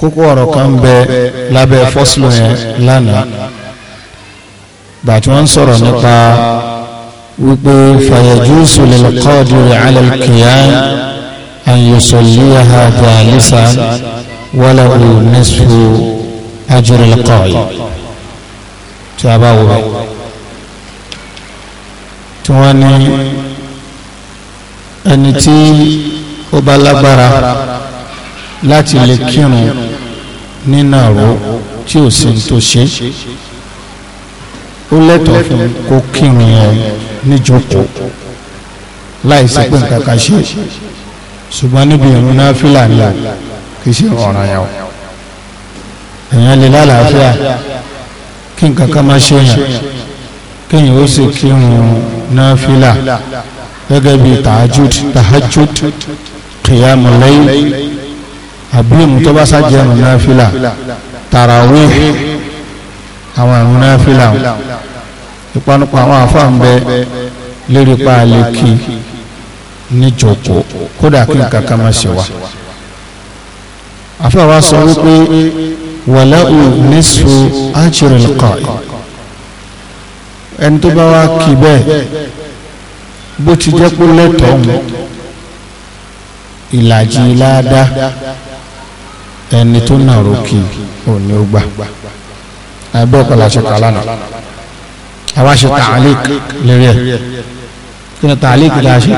kókó ọ̀rọ̀ kan ń bẹ lábẹ́ fọ́sùlù yẹn lánàá bàtí wọ́n ń sọ̀rọ̀ nípa wípé fayajuzu lil qadiri ala al qiyam an yusalliha jalisan wala nisfu ajri al qa'id tí a bá wò bẹ́ẹ̀ tí wọ́n ní ẹni tí ó bá lágbára láti lè kírun nínàró tí ò sí tó ṣe ó lẹ́tọ̀ọ́ fún kó kírun yẹn níjókòó láì sí pé nǹkan kan ṣe ṣùgbọ́n níbi ìrún náà fìlàní kì í ṣe ọ̀ràn yẹn èèyàn lè lálàáfíà kí nǹkan kan má ṣe yàn kéèyàn ó sì kírun náà fìlà gẹ́gẹ́ bíi tahajud tahajud qiyamul layl àbí ìmùtọ́básá jẹun náfìlà tàràwé àwọn àrùn náfìlà ìpanupọ̀ àwọn àfáà ń bẹ lérí pa àlekì níjòkó kódà kí nǹkan kan máa ṣe wá àfáà wa sọ wípé wàláhù nísfu ájìrìl qā'im ẹni tó bá wá kì bẹ́ẹ̀ bó ti jẹ́ pé lẹ́tọ̀ọ́ ìlàjì ládàá ẹni tó nàró kì ò ní ẹgbẹ́ ọ̀pọ̀lọpọ̀ aṣọ lánàá àwa ṣe tààlík lórí ẹ̀ kí ni tààlík la ṣe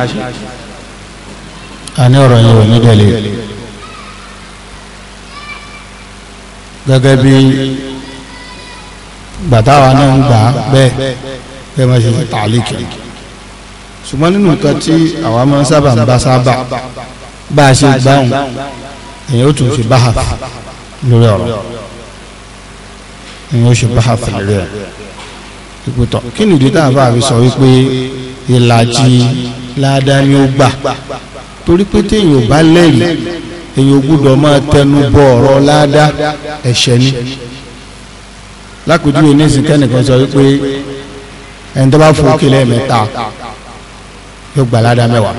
a ní ọ̀rọ̀ yìí ò ní dẹ̀lẹ̀ gẹ́gẹ́ bí gbàtàwà náà ń gbà bẹ́ẹ̀ bẹ́ẹ̀ máa ṣe ṣe tààlík ṣùgbọ́n nínú nǹkan tí àwa máa ń sábà ń bá sábà bá a ṣe gbáhùn èyàn ó tún ṣe báhà lórí ọ̀rọ̀ èyàn ó ṣe báhà fìlérí ẹ̀ ìpòtọ̀ kí nìdí tá a bá fi sọ wípé ìlàjì ládàá ni ó gbà torí pé téèyàn ò bá lẹ́rìí èyàn ò gbúdọ̀ máa tẹnu bọ ọ̀rọ̀ ládàá ẹ̀ṣẹ̀ ni lákòójú ní ìsìnkẹ́ nìkan sọ wípé ẹni tó bá fún kílẹ̀ mẹ́ta yóò gbà ládàá mẹ́wàá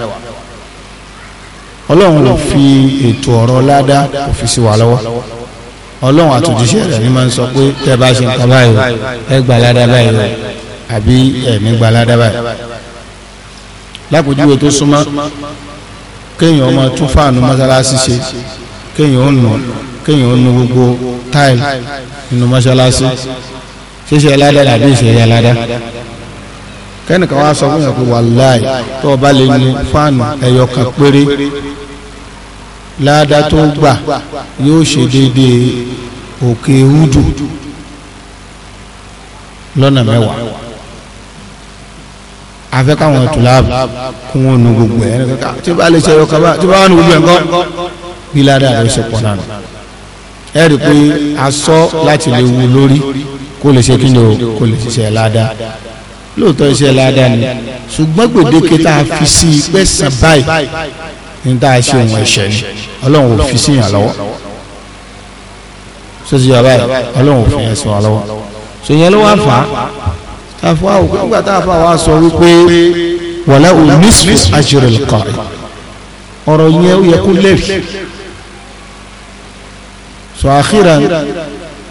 ọlọ́run ò fi ètò ọ̀rọ̀ ládá kò fi sí wa lọ́wọ́ ọlọ́run àtòjíṣẹ́ rẹ̀ ni máa ń sọ pé tẹ́ bá ṣe nǹkan báyìí o ẹ gbà ládá báyìí o àbí ẹ̀mí gbà ládá báyìí lápòjúwe tó súnmọ́ kéèyàn ọmọ tún fáànù mọ́sálásí ṣe kéèyàn ó nù kéèyàn ó nu gbogbo táìlì nínú mọ́sálásí ṣíṣe ládá àbí ìṣẹ̀yà ládá kẹ́nìkan wá sọ fún yàn pé wàláì tó o bá lè ní fáànù ẹ̀yọ kan péré láàdá tó gbà yóò ṣe déédéé òkè húdù lọ́nà mẹ́wàá afẹ́ káwọn tùláàbù kún wọn nu gbogbo ẹ̀ ah, tí bá lè ṣe ẹ̀yọ kan bá tí bá wà nu gbogbo ẹ̀ ńkọ́ bí láàdá rẹ̀ ṣe pọ̀ náà ẹ rí i pé a láti lè wu lórí kó lè ṣe kí ni o kó lè ṣiṣẹ́ láàdá lóòótọ́ iṣẹ́ ládàá ni ṣùgbọ́n gbòdéke tá a fi sí i pẹ́sàn báyìí ní tá a ṣe òun ẹ̀ṣẹ̀ ni ọlọ́run ò fi sí yàn lọ́wọ́ sọ́sì yàrá ọlọ́run ò fi yàn sọ lọ́wọ́ sọ́yìn ló wá fà á tàfà ò nígbà tá a fà wá sọ wípé wàlẹ́ ò nísù àṣírí ọ̀rọ̀ yẹn ó yẹ kó lẹ́fì sọ àkírà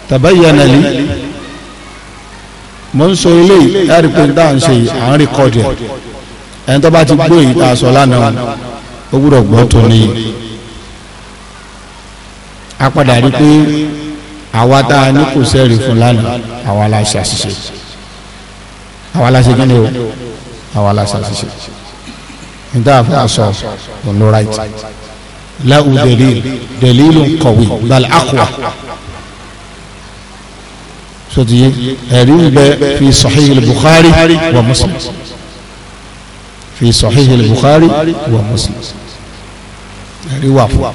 tàbáyà nàlí mo ń sọ eléyìí láti pé tá à ń ṣe à ń rìkọ́dì ẹ̀ ẹni tó bá ti gbọ́ èyí tá a sọ lánàá ó gbúdọ̀ gbọ́ tó níyì a padà rí pé àwa tá a ní kò sẹ́ẹ̀rì fún lánàá àwa la ṣe àṣìṣe àwa la ṣe kíni o àwa la ṣe àṣìṣe níta àfẹ́ àṣọ òun ló ra ìtì láwù dẹ̀líl dẹ̀líl ń kọ̀wé bal aqwa sotiye ẹ̀rí ń bẹ fi sahihil bukhari wa muslim fi sahihil bukhari wa muslim ẹ̀rí wà fún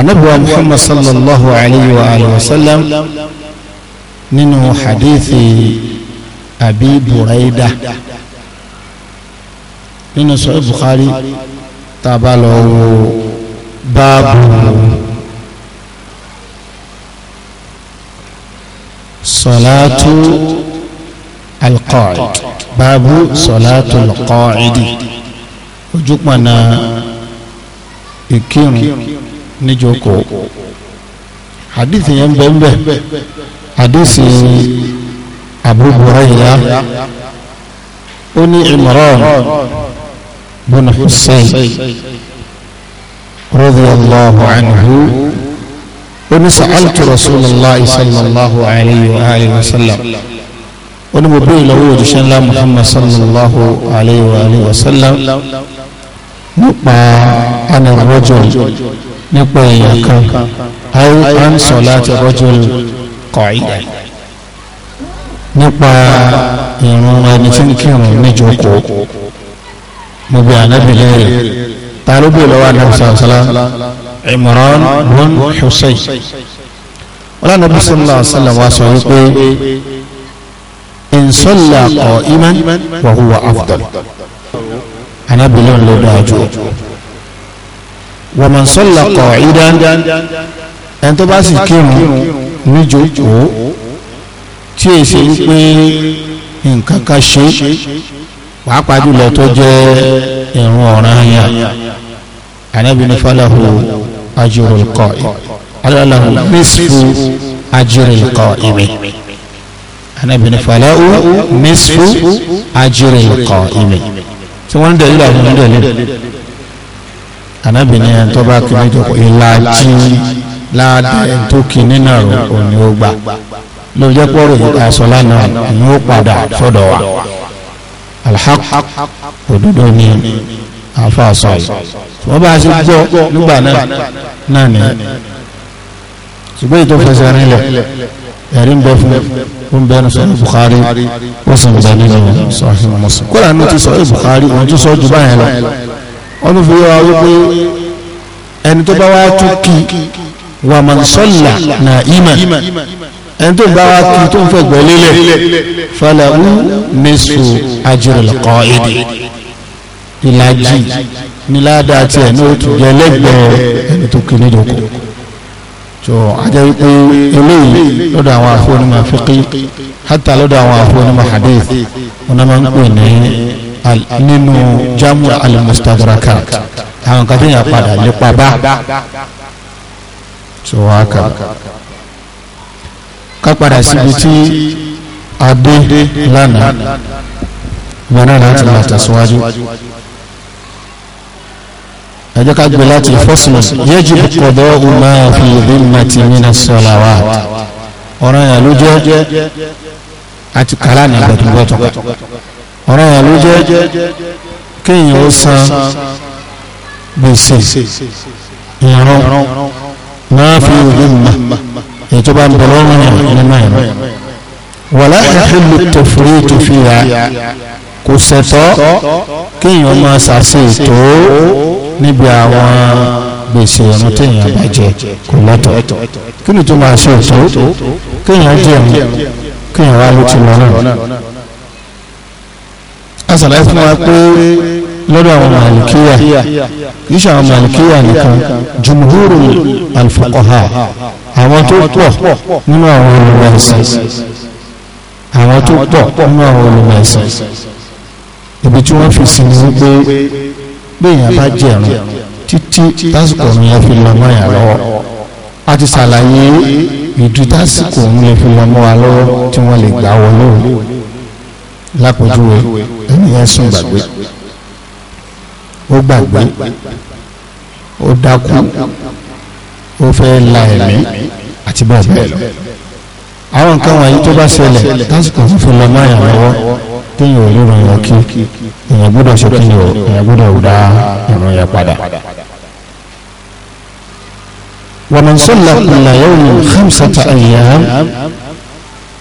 anabuwa muhammad sallallahu alayhi wa alayhi wa sallam nínú hadithi abi buraida nínú sahih bukhari tá báàbù. صلاة القاعد باب صلاة القاعد ojúpọ̀nà ìkírun níjókòó hadith yẹn bẹ́ẹ̀nbẹ́ hadith Abu Hurayrah ó ní Imran bin Husayn radiyallahu anhu oní sa'altu rasulullahi sallallahu alayhi wa alihi wa sallam oní mo bẹ́ẹ̀ lọ́wọ́ òjíṣẹ́ ńlá muhammad sallallahu alayhi wa alihi wa sallam nípa ana rajul nípa èèyàn kan aw an salati rajul qa'idan nípa ìrun ẹni tí ń kírun níjókòó mo bí ànábìlẹ̀ rẹ̀ ta ló bẹ́ẹ̀ lọ́wọ́ ànábìsàlá Imran bin Husayn wala nabi sallallahu alaihi wasallam wa sọ wípé in salla qa'iman wa huwa afdal anábìlẹ̀ ló dáa jù wa man salla qa'idan ẹni tó bá sì kírun níjókòó tí èyí ṣe wípé nǹkan kan ṣe pàápàá jùlọ tó jẹ́ ìrun ọ̀ranyàn anábìlẹ̀ falahu ajurul qa'i alalahu nisfu ajurul qa'imi anabi ni falahu nisfu ajurul qa'imi tí wọ́n ń dẹ̀lú àwọn ń dẹ̀lú anabi ni ẹni tó bá kí méjì kọ ìlàjì láàdá ẹni tó kí nínà rò òní ó gbà ló jẹ́ pọ́rọ̀ ìtàsọ lánàá ni ó padà fọ́dọ̀ wa alhaq òdodo ni àfa sọ yìí wọ́n bá a ṣe gbọ́ nígbà náà náà ni ṣùgbọ́n ètò fẹsẹ̀ rinlẹ̀ ẹ̀rí ń bẹ fún ó ń bẹ ní sọ́yìn Bukhari ó sì ń bẹ nínú sọ́yìn Muslim kódà ní ti sọ́yìn Bukhari òun tún sọ ju báyẹn lọ wọ́n tún fi yọ wípé ẹni tó bá wá tún kí wà máa ń sọ́là náà ìmọ̀ ẹni tó bá wá kí tó ń fẹ́ gbọ́ lélẹ̀ fàlàwù nisfu ajril qa'idi ìlàjì ní ládàá tiẹ̀ ní ó tún jẹ lẹ́gbẹ̀ẹ́ ẹni tó kiri dòkó tó ajẹ́ wípé eléyìí lọ́dọ̀ àwọn àfọwọ́nìmọ̀ fiqi hátà lọ́dọ̀ àwọn àfọwọ́nìmọ̀ hadith wọn náà máa ń pè ní nínú jamu al-mustadrakat àwọn kan tó yàn padà lépa bá tó wá kà ká padà síbi tí a dé lánàá wọn náà láti máa tẹ̀síwájú ẹjọ́ ká gbé láti fọ́sùn yẹ́jú kọ̀dọ̀ ọmọ fi ìdí mẹ́tì nínú sọ̀lá wa ọ̀ràn yà ló jẹ́ àti kàlá ní gbọ̀tùgbọ̀tù ọ̀ràn yà ló jẹ́ kéèyàn ó san gbèsè ìrún máa fi ìdí mọ́ èyí tó bá ń bọ̀ lọ́rùn yà nínú ẹ̀rọ wàlá ìhìlù tòfúrí tòfúrí yà kò ṣẹ̀tọ́ kéèyàn máa ṣàṣe ètò níbi àwọn gbèsè ọ̀run téèyàn bá jẹ kò lẹ́tọ̀ kí ni tó máa ṣe ètò kéèyàn jẹun kéèyàn wá ló ti lọ náà. a sàlàyé fún wa pé lọ́dọ̀ àwọn màlìkíyà kì í ṣe àwọn màlìkíyà nìkan jùmùhúrù alfuqaha àwọn tó pọ̀ nínú àwọn olùmọ̀ ẹ̀sìn àwọn tó pọ̀ nínú àwọn olùmọ̀ ẹ̀sìn ibi tí wọ́n fi sin ní pé béèyàn bá jẹ̀rún títí tásìkò òun yẹn fi lọ mọ́ yàn lọ́wọ́ a ti ṣàlàyé ìdí tásìkò òun yẹn fi lọ mọ́ wa lọ́wọ́ tí wọ́n lè gbà wọlé o lápòjúwe ẹni yẹn sùn gbàgbé ó gbàgbé ó dákú ó fẹ́ la ẹ̀mí àti bẹ́ẹ̀ bẹ́ẹ̀ lọ àwọn nǹkan wọ̀nyí tó bá ṣẹlẹ̀ lásìkò tó fi lọ máa yà lọ́wọ́ téèyàn ò lè ràn yàn kí èèyàn gbọ́dọ̀ ṣe kí èèyàn gbọ́dọ̀ dá ìrun yẹn padà. ومن صلى كل يوم خمسة أيام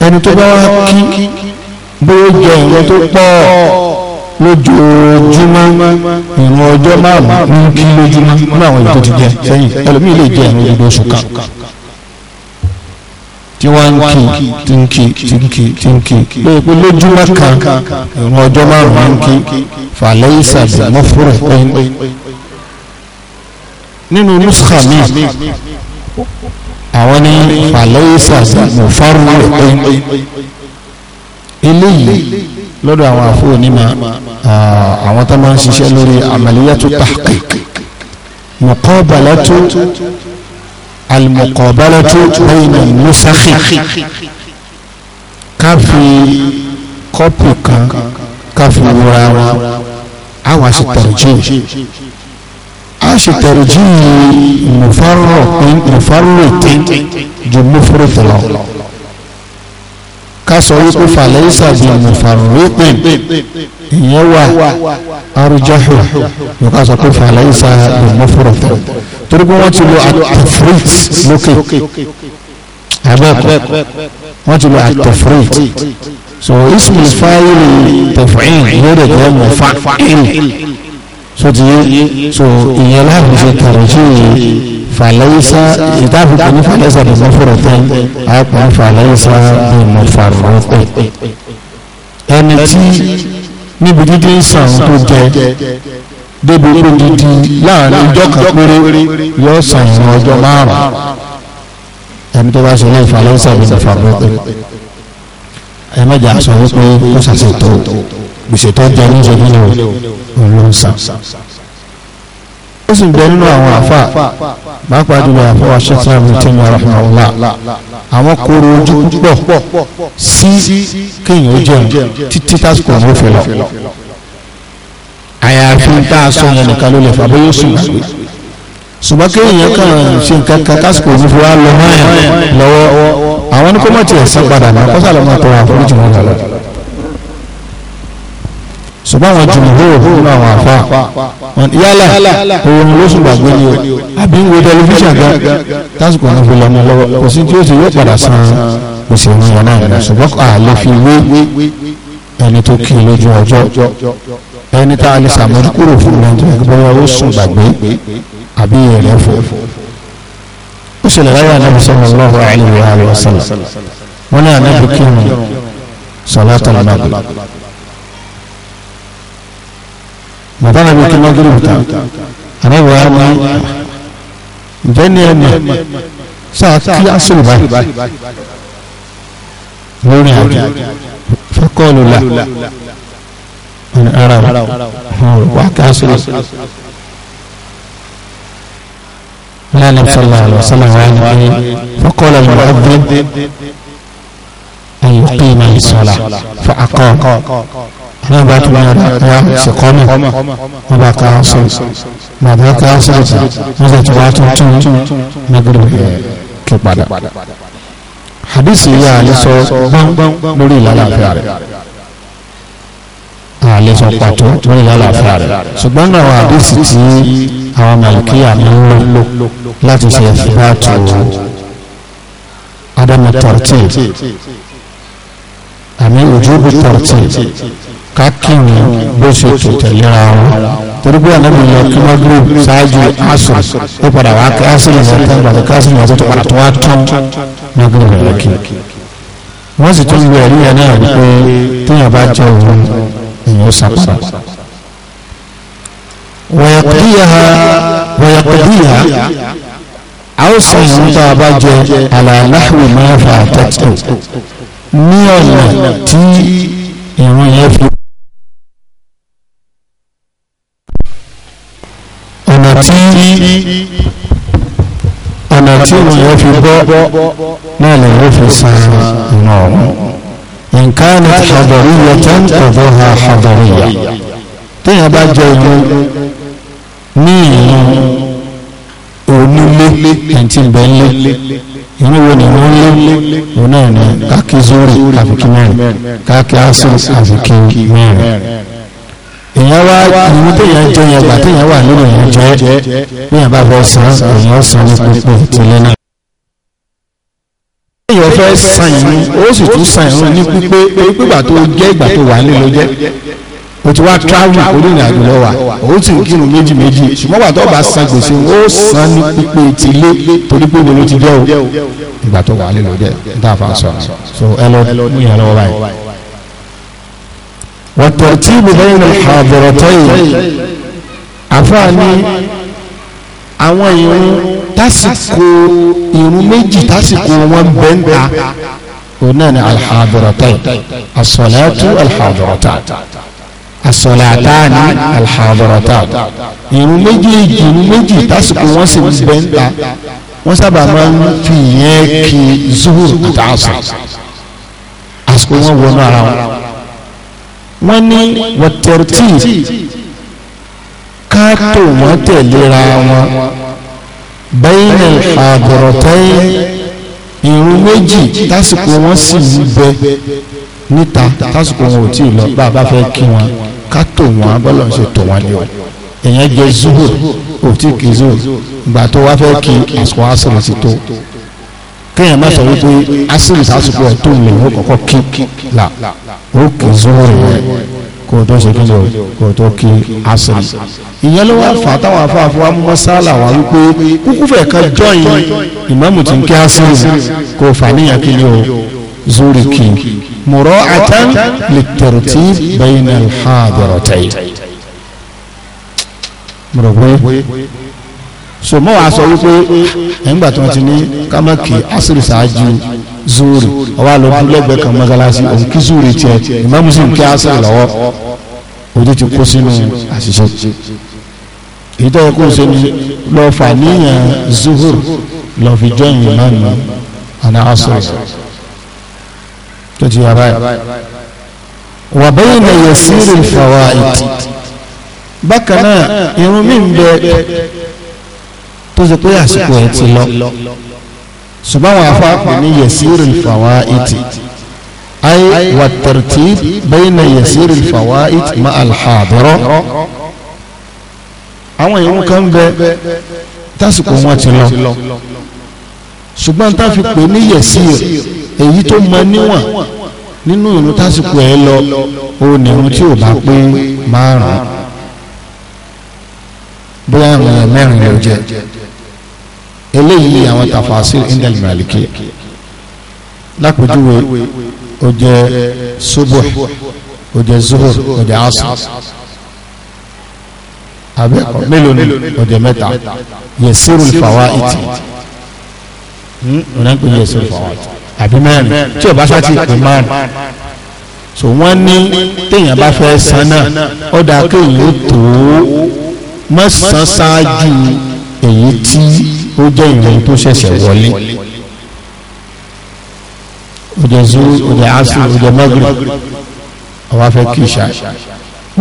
ẹni tó bá wá kí bó jẹ ìrun tó pọ̀ lójoojúmọ́ ìrun ọjọ́ márùn-ún kí lójúmọ́ ní àwọn ìlú jẹ sẹ́yìn ẹlòmíì lè jẹ ìrun gbogbo oṣù kan tí wọ́n ń kí tí ń kí tí ń kí tí ń kí lóye pé lójúmọ́ kan ìrún ọjọ́ márùn-ún ń kí fàlẹ́ ìsàbí mọ́fúrẹ̀ pé nínú nuskha mi àwọn ní fàlẹ́ ìsàbí mọ́fúrẹ̀ pé eléyìí lọ́dọ̀ àwọn àfọ onímọ̀ àwọn tó máa ń ṣiṣẹ́ lórí amaliyatu tahqiq muqabalatu al-muqabalatu bayna nusakhi káfí kọ́pù kan káfí wúra wa àwọn aṣètẹ̀rẹ̀jì aṣètẹ̀rẹ̀jì mufarrotin ju mufrit lọ ká sọ wípé falaysa bi mufarrotin ìyẹn wà arjahu ló ká sọ pé falaysa bi mufrit torí pé wọ́n ti lo atafrit lókè abẹ́ẹ̀kọ́ wọ́n ti lo atafrit so ismi fáyìlì tẹ̀fẹ̀ẹ́n yẹ́rẹ̀ jẹ́ mọ̀fá ẹ̀yìn so ti yé so ìyẹn láàbù ṣe kàrọ̀jì fàlẹ́yìísá ìdáàbò kan ní fàlẹ́yìísá bí mo fọ̀rọ̀ tán àpò fàlẹ́yìísá bí mo fàrọ̀ pẹ̀ ẹni tí níbi dídí sàn tó jẹ débi pé dídí láàrin ọjọ́ kan péré yóò sàn ìrìn ọjọ́ márùn-ún ẹni tó bá ṣe ní ìfàlẹ́sà bí ní fàbọ́ pé ẹ mẹ́jọ aṣọ wípé ó ṣàṣètò gbèsè tó jẹ níṣẹ́ nínú olóńsàn ó sì bẹ nínú àwọn àfa pàápàá jùlọ àfa wa ṣe sáà mi tẹ́lẹ̀ rahmanullah àwọn kóró ojú púpọ̀ sí kéèyàn jẹun títí tásìkò ló fẹ́ lọ àyàfi tá a sọ yẹn nìkan ló lè fà bóyá sùn gbàgbé ṣùgbọ́n kí èèyàn kàn ṣe nǹkan kan kásìkò òní fi wá lọ máyà lọ́wọ́ àwọn ní kó má tiẹ̀ sá padà náà kó sàlọ́ máa tọrọ àforíjì wọn lọ. ṣùgbọ́n àwọn jùmọ̀lówó nínú àwọn àfa yálà òun ló sùn gbàgbé ni o àbí ń wo tẹlifíṣàn gan kásìkò òní fi lọ mọ lọ́wọ́ kò sí tí ó sì yóò padà san òsì ìrìn náà ṣùgbọ́n àlè fi wé ẹni tó kí lójú ọjọ́ ẹni tá a lè sàmójúkúrò fún ìrìn àjò ẹgbẹ́ ó sùn gbàgbé àbí ẹ̀rẹ́ fún ó ṣẹlẹ̀ láyé ànábi sallallahu alaihi wa sallam wọ́n ní ànábi kírun sọ̀látà ànábi bàbá ànábi kí lọ́gìrì bùtà ànábi wa ní ǹjẹ́ ní ẹ̀mí sáà kí á sọ̀rọ̀ báyìí lórí àjò faqalu la ní ara wà káṣílẹ̀ lẹ́nu sọ́lá àlọ́sọ́lá wà ní fọ́kọ́lẹ̀ mọ́ọ́dún ayò kí ma yìí sọ́lá fa akọ́ ní ọba tó wọn rà wá sèkọ́mọ̀ ọba káṣílẹ̀ màdà káṣílẹ̀ tí wọ́n ti wá tuntun nígbèrè kí padà hadisi yìí àlẹ́ sọ gbọ́ngbọ́n lórí ìlànà àfẹ́ rẹ̀ àlẹ́sọ pàtó tó ní lálàáfíà rẹ̀ ṣùgbọ́n náà àwọn àdéhùn tí àwọn màlìkíyà ń lò láti ṣe ìfìbáàtò adamu tọ̀tì àmì ojúbù tọ̀tì kákìnì bó ṣe tò tẹ̀lé ara wọn torí pé ànábì lọ kí wọ́n gbé ṣáájú asùn ó padà wá kí asùn ìyẹn tó ń gbàgbé kí asùn ìyẹn tó padà tó wá tán nígbà rẹ̀ lọ́kì wọ́n sì tún gbé ẹ̀rí yẹn náà wípé téèyàn bá jẹ́ òun ìyẹn ó san padà. wọ̀yàkùdíyà wọ̀yàkùdíyà a ó san ìwọ̀n tá a bá jẹ àlàáláhùn máa fà tẹ́tù ní ọ̀nà tí ìwọ̀n yẹn fi. ọ̀nà tí ọ̀nà tí ìwọ̀n yẹn fi bọ́ náà lè yóò fi san ìwọ̀n ọ̀hún in كانت hadariyatan qadaha hadariya téèyàn bá jẹ ìlú ní ìlú onílé àti ìbẹ̀lẹ̀ inú wo ni wọ́n lé wọn náà ní káàkiri zori àfikí mẹ́rin káàkiri asiri àfikí mẹ́rin èèyàn wá ìlú téèyàn jẹ yẹn gbà téèyàn wà nínú ìyẹn jẹ bí yẹn bá fọ san èèyàn san ní pípọ̀ tìlẹ́ náà èèyàn fẹ́ san ìrun ó sì tún san ìrun ní pípé pípà tó jẹ́ ìgbà tó wà nílò jẹ́ o ti wá travel onírìn àjò lọ wa o ti ń kírun méjì méjì ṣùgbọ́n wà tó bá san gbèsè o san ní pípé ti lé torí pé wọ́n ti jẹ́ o ìgbà tó wà nílò jẹ́ dáàfà sọ̀rọ̀ so ẹ lọ mú ìyàrá wa báyìí. wọ́n tẹ̀ tí mo bẹ́yìn náà àbọ̀rọ̀ tẹ́yìn àfáà ní àwọn ìrún tásìkò irun méjì tásìkò wọn bẹ́ẹ̀ ń ta òun náà ni alḥadiratan asọ̀lẹ́tù alḥadiratan asọ̀lẹ́tàní alḥadiratan irun méjèèjì irun méjì tásìkò wọn sì ń wọ́n sábà máa ń fi ìyẹn kí zuhur àtàsùn àsìkò wọn wọnú ara wọn wọ́n ní wọ́tẹ̀rẹ̀tì ká tó wọ́n tẹ̀léra wọn bẹ́yìn àbọ̀rọ̀tẹ́yìn ìrun méjì tásìkò wọn sì ń bẹ níta tásìkò wọn ò tí ì lọ bá a bá fẹ́ kí wọn ká tò wọn bọ́lọ̀ ṣe tò wọn lé o èèyàn jẹ zuhur ò tí ì kí zuhur gbà tó wá fẹ́ kí àsìkò asìrì ti tó kéèyàn má sọ wípé asìrì sásìkò ẹ̀ tó lè wọ́n kọ́kọ́ kí là ó kì í zuhur rẹ̀ kò tó ṣe kí ni o kò tó kí asiri ìyẹn ló wá fà táwọn afáfọ amúmọ́sálà wà wípé kúkú fẹ̀ kan jọyìn ìmáàmù tí ń kí asiri kò fà níyàn kí ni o zuri kí mọ̀rọ̀ àtàn lè tẹ̀rù tí bẹ́yìn náà ha bẹ̀rọ̀ tẹ̀yì. mọ̀rọ̀ pé so mọ́ wàá sọ wípé ẹ̀ ń gbà tí wọ́n ti ní kámákì asiri ṣáájú zuri ọba lọ dún lẹ́gbẹ̀ẹ́ kan mọ́sálásí òun kí zuri tiẹ̀ ìmáàmù sì ń kí ásà lọ́wọ́ ojú ti kó sínú àṣìṣe èyí tó yẹ kó ṣe ni lọ fà níyàn zuhur lọ fi jọyìn ìmáàmù àná asọ tó ti yàrá yà wà bẹ́yìn náà yẹ sírì fàwáìd bákan náà irun mi ń bẹ tó ṣe pé àsìkò ẹ ti lọ ṣùgbọ́n àwọn afáàpù ní yẹ̀sírì fàwáìtì ayé wà tẹ̀rẹ̀tì bẹ́ẹ̀ na yẹ̀sírì fàwáìtì ma alhàbọ̀rọ̀ àwọn ìwọ̀n kan bẹ tásìkò wọn ti lọ ṣùgbọ́n tá fi pè ní yẹ̀sírì èyí tó mọ níwọ̀n nínú ìrun tásìkò ẹ lọ òun nìrun tí ò bá pé márùn bóyá àwọn èèyàn mẹ́rin lè jẹ́ eléyìí àwọn tafasir indal malikiya lápèjúwe ó jẹ́ subuh ó jẹ́ zuhur ó jẹ́ asr abẹ mélòó ni ó jẹ́ mẹ́ta yẹsirul fawaiti ọ̀nà hmm? ń pè ní yẹsirul fawaiti àbí mẹ́rin tí o bá ṣáà ti pè márùn so wọ́n ní téèyàn bá fẹ́ san náà ó dáa kéèyàn ó tó mọ́sán ṣáájú èyí tí ó jẹ́ ìyẹn tó ṣẹ̀ṣẹ̀ wọlé ó jẹ́ zú ó jẹ́ asú ó jẹ́ magre àwa fẹ́ kí ìṣá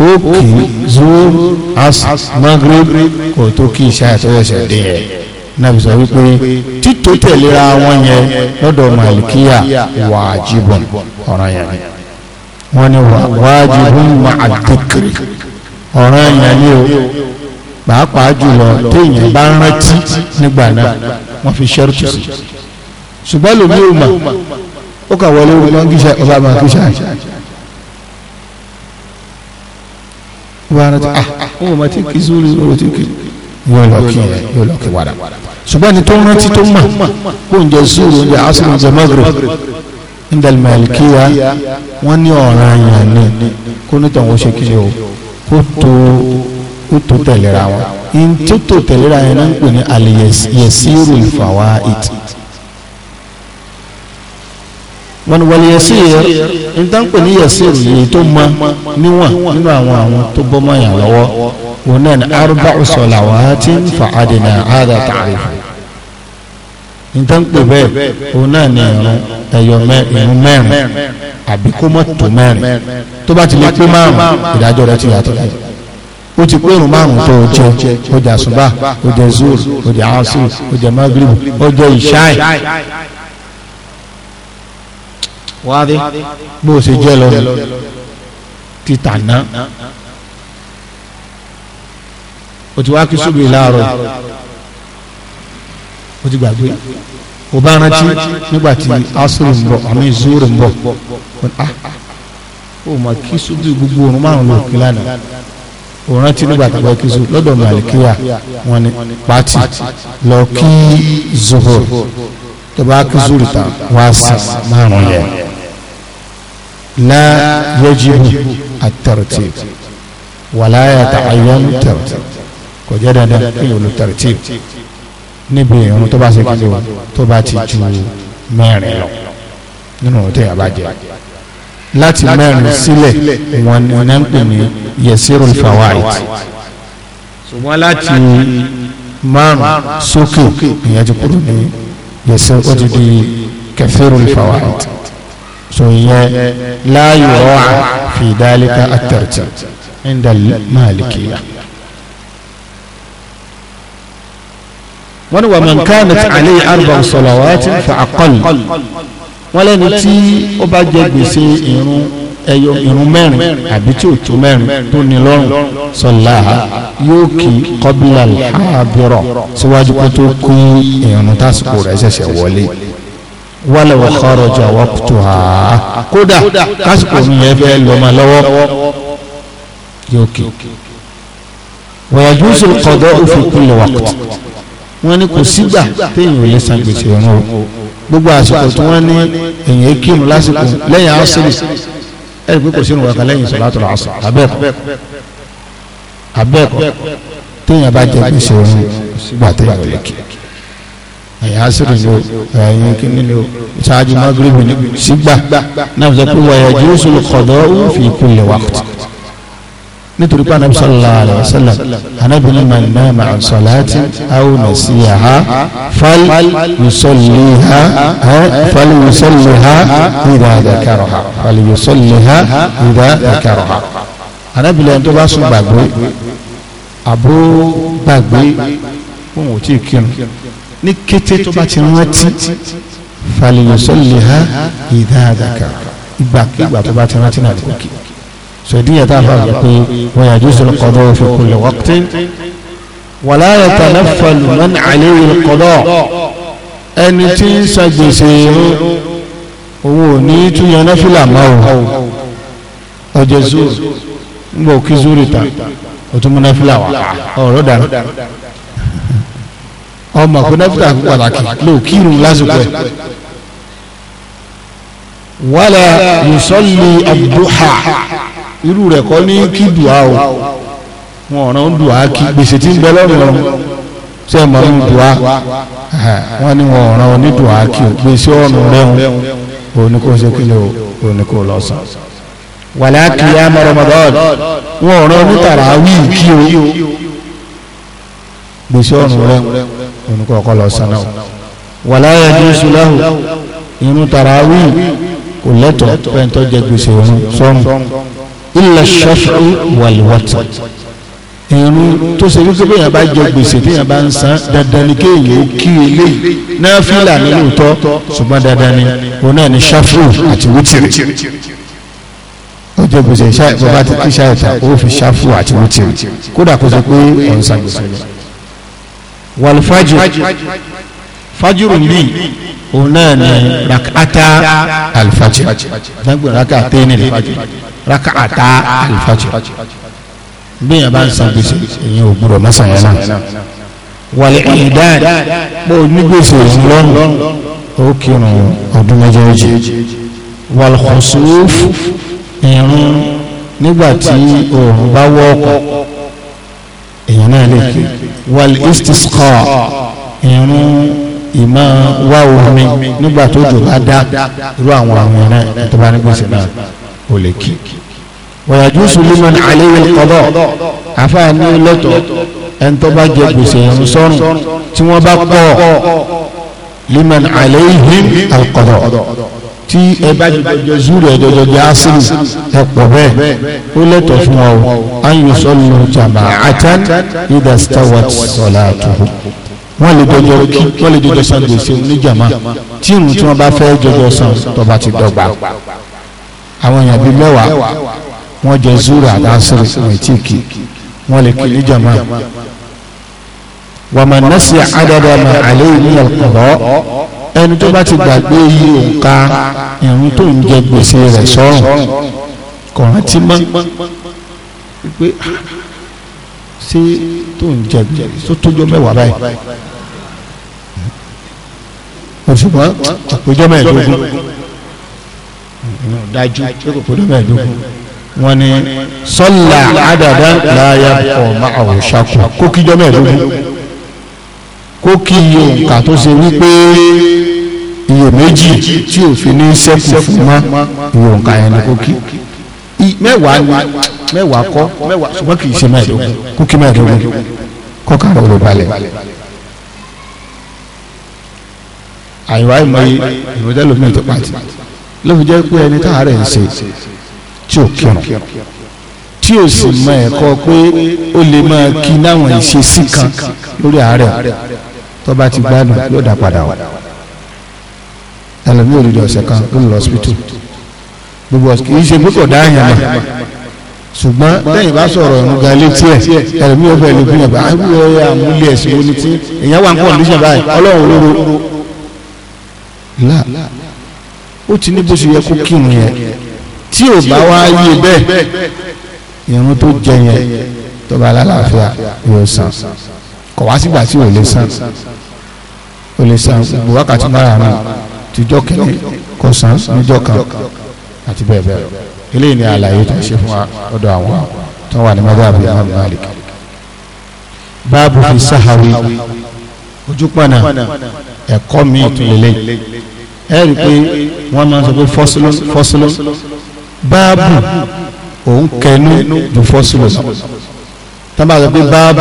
ó kì í zú asú magre kò tó kí ìṣá tó ṣẹ̀ṣẹ̀ dé ẹ̀ nàbì sọ wípé títò tẹ̀léra wọn yẹn lọ́dọ̀ màlìkíyà wàjibun ọ̀ràn yẹn ni wọ́n ní wàjibun ma'adikiri ọ̀ràn yẹn ni o pàápàá jùlọ téèyàn bá rántí nígbà náà wọ́n fi ṣẹ́rùtù sí ṣùgbọ́n lómi ò mà ó kà wọlé orí lọ́n kíṣà ọba àmà kíṣà wọ́n rántí ah òun mà ti kí sórí òun ti kí yóò lọ kí yẹn yóò lọ kí wàrà ṣùgbọ́n ní tó rántí tó mà kó ń jẹ sóòrò ń jẹ asùn ń jẹ magre indal malikiya wọ́n ní ọ̀ràn yẹn ni kó nítorí wọ́n ṣe kí ni o kó tó ó tó tẹ̀léra wọn in tó tó tẹ̀léra yẹn náà ń pè ní aliyesiru fawaid wọn wọlé yẹsìr n tá ń pè ní yẹsìr yìí tó mọ níwọ̀n nínú àwọn àwọn tó bọ́ mọ́ yàn lọ́wọ́ wọn náà ní arba'u salawatin fa adìnnà àdà ta'rif n tá ń pè bẹ́ẹ̀ wọn náà ní ẹ̀rọ ẹ̀yọ mẹ́rin àbí kó mọ́ tó mẹ́rin tó bá ti lè pé márùn-ún ìdájọ́ rẹ ti yàtọ̀ yàtọ̀ ó ti pé irun márùn tó jẹ ó jẹ àsùbá ó jẹ zuur ó jẹ asu ó jẹ magrib ó jẹ ìṣáì wáde bó o ṣe jẹ lọ títà ná o ti wá kí ṣùgbọ́n ìlàrọ̀ o ti gbàgbé o bá rántí nígbà tí asúrù ń bọ̀ àmì zuur ń bọ̀ o ah, ah, ah. mà kí ṣùgbọ́n gbogbo orun márùn lòkè lánàá òran tí nígbà tàbí kí zuhur lọ́dọ̀ màlìkíyà wọn ni pati lọ kí zuhur tó bá kí zuhur tán wá sí márùn yẹn la yajibu at-tartib wala yata'ayyanu tartib kò dandan kí yòó lu níbi ìrún tó ṣe kí ló tó ti ju mẹ́rin lọ nínú òtẹ́ àbájẹ́ láti mẹ́rin sílẹ̀ wọn ni wọ́n ń pè ní yẹ̀sírò fàwáìt ṣùgbọ́n láti márùn sókè ìyẹn ti kúrò ní yẹ̀sírò ó ti di kẹfẹ́rò fàwáìt so ìyẹn láàyò rọ́à fìdálíkà àtẹ̀rẹ̀tẹ̀ ẹ̀ńdà máàlìkìyà. wọ́n ní wàmọ̀ nǹkan àti àlẹ́ àrùbọ̀ sọ̀làwàtì fà àkọlù wọ́n lẹ́ni tí ó bá jẹ gbèsè irun ẹyọ irun mẹ́rin àbí tí ò tó mẹ́rin tó ní lọ́rùn sọlá yóò kí kọ́bílà àbúrò síwájú kó tó kú irun tásìkò rẹ̀ ṣẹ̀ṣẹ̀ wọlé wálé wà kọ́rọ̀jà wà kùtù hà kódà kásìkò mi fẹ́ lọ́mọ lọ́wọ́ yóò kí wàyàjúsù kọ́dọ̀ òfin kúlẹ̀ wà kùtù wọ́n ní kò sígbà téèyàn ò lè san gbèsè ọ̀run o gbogbo àsìkò tí wọ́n ní èyàn kírun lásìkò lẹ́yìn àásìrì ẹ̀rí pé kò sínú wàkà lẹ́yìn sọ̀látò àṣà abẹ́ẹ̀kọ́ abẹ́ẹ̀kọ́ téèyàn bá jẹ gbèsè òun sígbà téèyàn lè kí ẹ̀yìn àásìrì ni o ẹ̀yìn kíní ṣáájú magrebi ni sígbà náà sọ pé wàyà jésù kọ̀dọ̀ ó fi kulli waqt nítorí pé anabi sallallahu alayhi wa sallam anabi ní man nama an salati aw nasiha fal yusalliha fal yusalliha idha dhakaraha fal yusalliha idha dhakaraha anabi lẹ́yìn tó bá sùn gbàgbé àbó gbàgbé òun ò tí ì kírun ní kété tó bá ti rántí fal yusalliha idha dhakaraha ìgbàkigbà tó bá ti rántí náà ti sòdíyà tá a fà jẹ pé wọn yàjú sọ̀rọ̀ kọdọ fi kulli waqti wàlá yatanaffalu man alayhi alqada ẹni tí ń sa gbèsè owó ní túnyàn náà fìlà máa o ọjọ́ zuru ń bọ̀ kí zuru ta òtún múná fìlà wà ọ̀rọ̀ dànù ọmọ kò náà fìlà pàtàkì ló kírun lásìkò ẹ̀ wala yusalli ad-duha irú rẹ̀ kọ́ ní kí dùá o wọn ọ̀ràn dùá kí gbèsè tí ń bẹ lọ́rùn ọ̀run ṣe é mọ̀rún dùá wọn ni wọn ọ̀ràn ní dùá kí o gbèsè ọ̀run rẹ̀hún òun ni kò ṣe kí ni o òun ni kò lọ sàn. wàlẹ́ àkìyà mọ̀rọ̀mọ̀dọ́ọ̀dù wọn ọ̀ràn ní tàràwí kí o gbèsè ọ̀run rẹ̀hún òun ni kò kọ́ lọ sàn náà. wàlẹ́ àyẹ̀dúnṣu láhùn inú tàràwí kò lẹ́tọ̀ọ́ pẹ́ńtọ́ jẹ gbèsè ọ̀run sọ́run ilẹ̀ ṣọ́fì wàlúwàtì irun tó ṣe wípé bẹ́ẹ̀ bá jẹ gbèsè bẹ́ẹ̀ bá ń san dandan ni kéèyàn ó kí eléyìí náà fílà nínú tọ́ ṣùgbọ́n dandan ni òun náà ni ṣọ́fì àti wítìrì ó jẹ gbèsè ṣáà bàbá ti kí ṣáà ó fi ṣọ́fì àti wítìrì kódà kó sọ pé ọ̀nsán gbèsè lọ. wàlúfàjù fajuru mi òun náà ni rakata alifajù rakata ní alifajù rákàtà àlùfáàjì bí yẹn bá ń san gbèsè èyàn ò gbúdọ̀ lọ́sàn yẹn náà wàlẹ̀ ìdáàd pé onígbèsè òun lọ́rùn ó kírun ọdún méjèèjì wàlẹ̀ kọ̀sùf ìrún nígbà tí òòrùn bá wọ́ọ̀kọ̀ èyàn náà lè kí wàlẹ̀ istisqa ìrún ìmọ̀ wá omi nígbà tó jò bá dá irú àwọn àwọn náà tó bá ní gbèsè náà ó lè kí wàyájú suliman aleyhi kọdọ àfààní lọtọ ẹni tó bá jẹ gbèsè ẹrù sọrùn tí wọn bá pọ liman aleyhi kọdọ tí ẹ bá jọjọ zúrì ẹ jẹ asiri ẹ pọ bẹ́ẹ̀ ó lẹtọ fún wa o ayò jàmbá àtàn ìdá stawat sọlá tuhu wọn lè jọjọ kí wọn lè jọjọ san gbèsè oníjàmá tí irun tí wọn bá fẹ́ jọjọ san tó ti dọ́gba àwọn èèyàn bíi mẹ́wàá wọ́n jọ zuru àdánsẹ́rì wẹ̀tíìkì wọ́n lè kí ní jama wàmà nẹ́sì àdàdà mà àlẹ́ ìní ọ̀pọ̀ ẹni tó bá ti gbàgbé iye òǹkà ìrún tó ń jẹ gbèsè rẹ̀ sọ́run kò rántí mọ́ pé ṣé tó ń jẹ gbèsè tó tójọ́ mẹ́wàá báyìí òṣùpá àpéjọ́ mẹ́ẹ̀ẹ́dógún dájú pé kò pé dọ́gba ìdógún wọn ni sọ́là àdàdà láyà pọ̀ máa wò ṣàkó kó kíjọ́ mẹ́ẹ̀ẹ́dógún kó kí iye òǹkà tó ṣe wípé iye méjì tí òfin ní sẹ́kù fún mọ́ iye òǹkà yẹn ni kó kí mẹ́wàá ni mẹ́wàá kọ́ mẹ́wàá ṣùgbọ́n kì í ṣe mẹ́ẹ̀ẹ́dógún kó kí mẹ́ẹ̀ẹ́dógún kó kàrà olùbalẹ̀ àyíwá ìmọ̀ ìròjẹ́ lómi ìtọ́pàtì lọ́fi jẹ́ pé ẹni táàárẹ̀ ń ṣe tí ò kírun tí ò sì mọ ẹ̀kọ́ pé ó lè máa kí náwọn ìṣesí kan lórí àárẹ̀ tó bá ti gbádùn yóò dá padà wá ẹlòmíì òdìdí ọ̀sẹ̀ kan ó lọ hospital gbogbo kì í ṣe pé kò dáhìá mà ṣùgbọ́n lẹ́yìn bá sọ̀rọ̀ ọ̀run ga létí ẹ̀ ẹlòmíì ọ̀fẹ́ ló gbìyànjú bá àwùjọ àmúlẹ̀ ẹ̀sìn wo ni tí èèyàn wà ń kọ́ báyìí ọlọ́run lóró ó ti ní bó ṣe yẹ kó kírun yẹn tí ò bá wá yé bẹ́ẹ̀ irun tó jẹ yẹn tó bá lálàáfíà yóò san kọ̀ wá sígbà tí ò lè san ò lè san gbogbo wákàtí márùn-ún tìjọ́ kìíní kò san níjọ́ kan àti bẹ́ẹ̀ bẹ́ẹ̀ eléyìí ni àlàyé tó ń ṣe fún wa lọ́dọ̀ àwọn tó wà ní mọ́tàbí imam malik báàbù fi sáháwí ojúpọ̀nà ẹ̀kọ́ mi ìtúlélẹ́yìn ẹ rí i pé wọ́n máa ń sọ pé fọ́sílọ́ fọ́sílọ́ báàbù òun kẹnu ju fọ́sílọ́ tábà sọ pé báàbù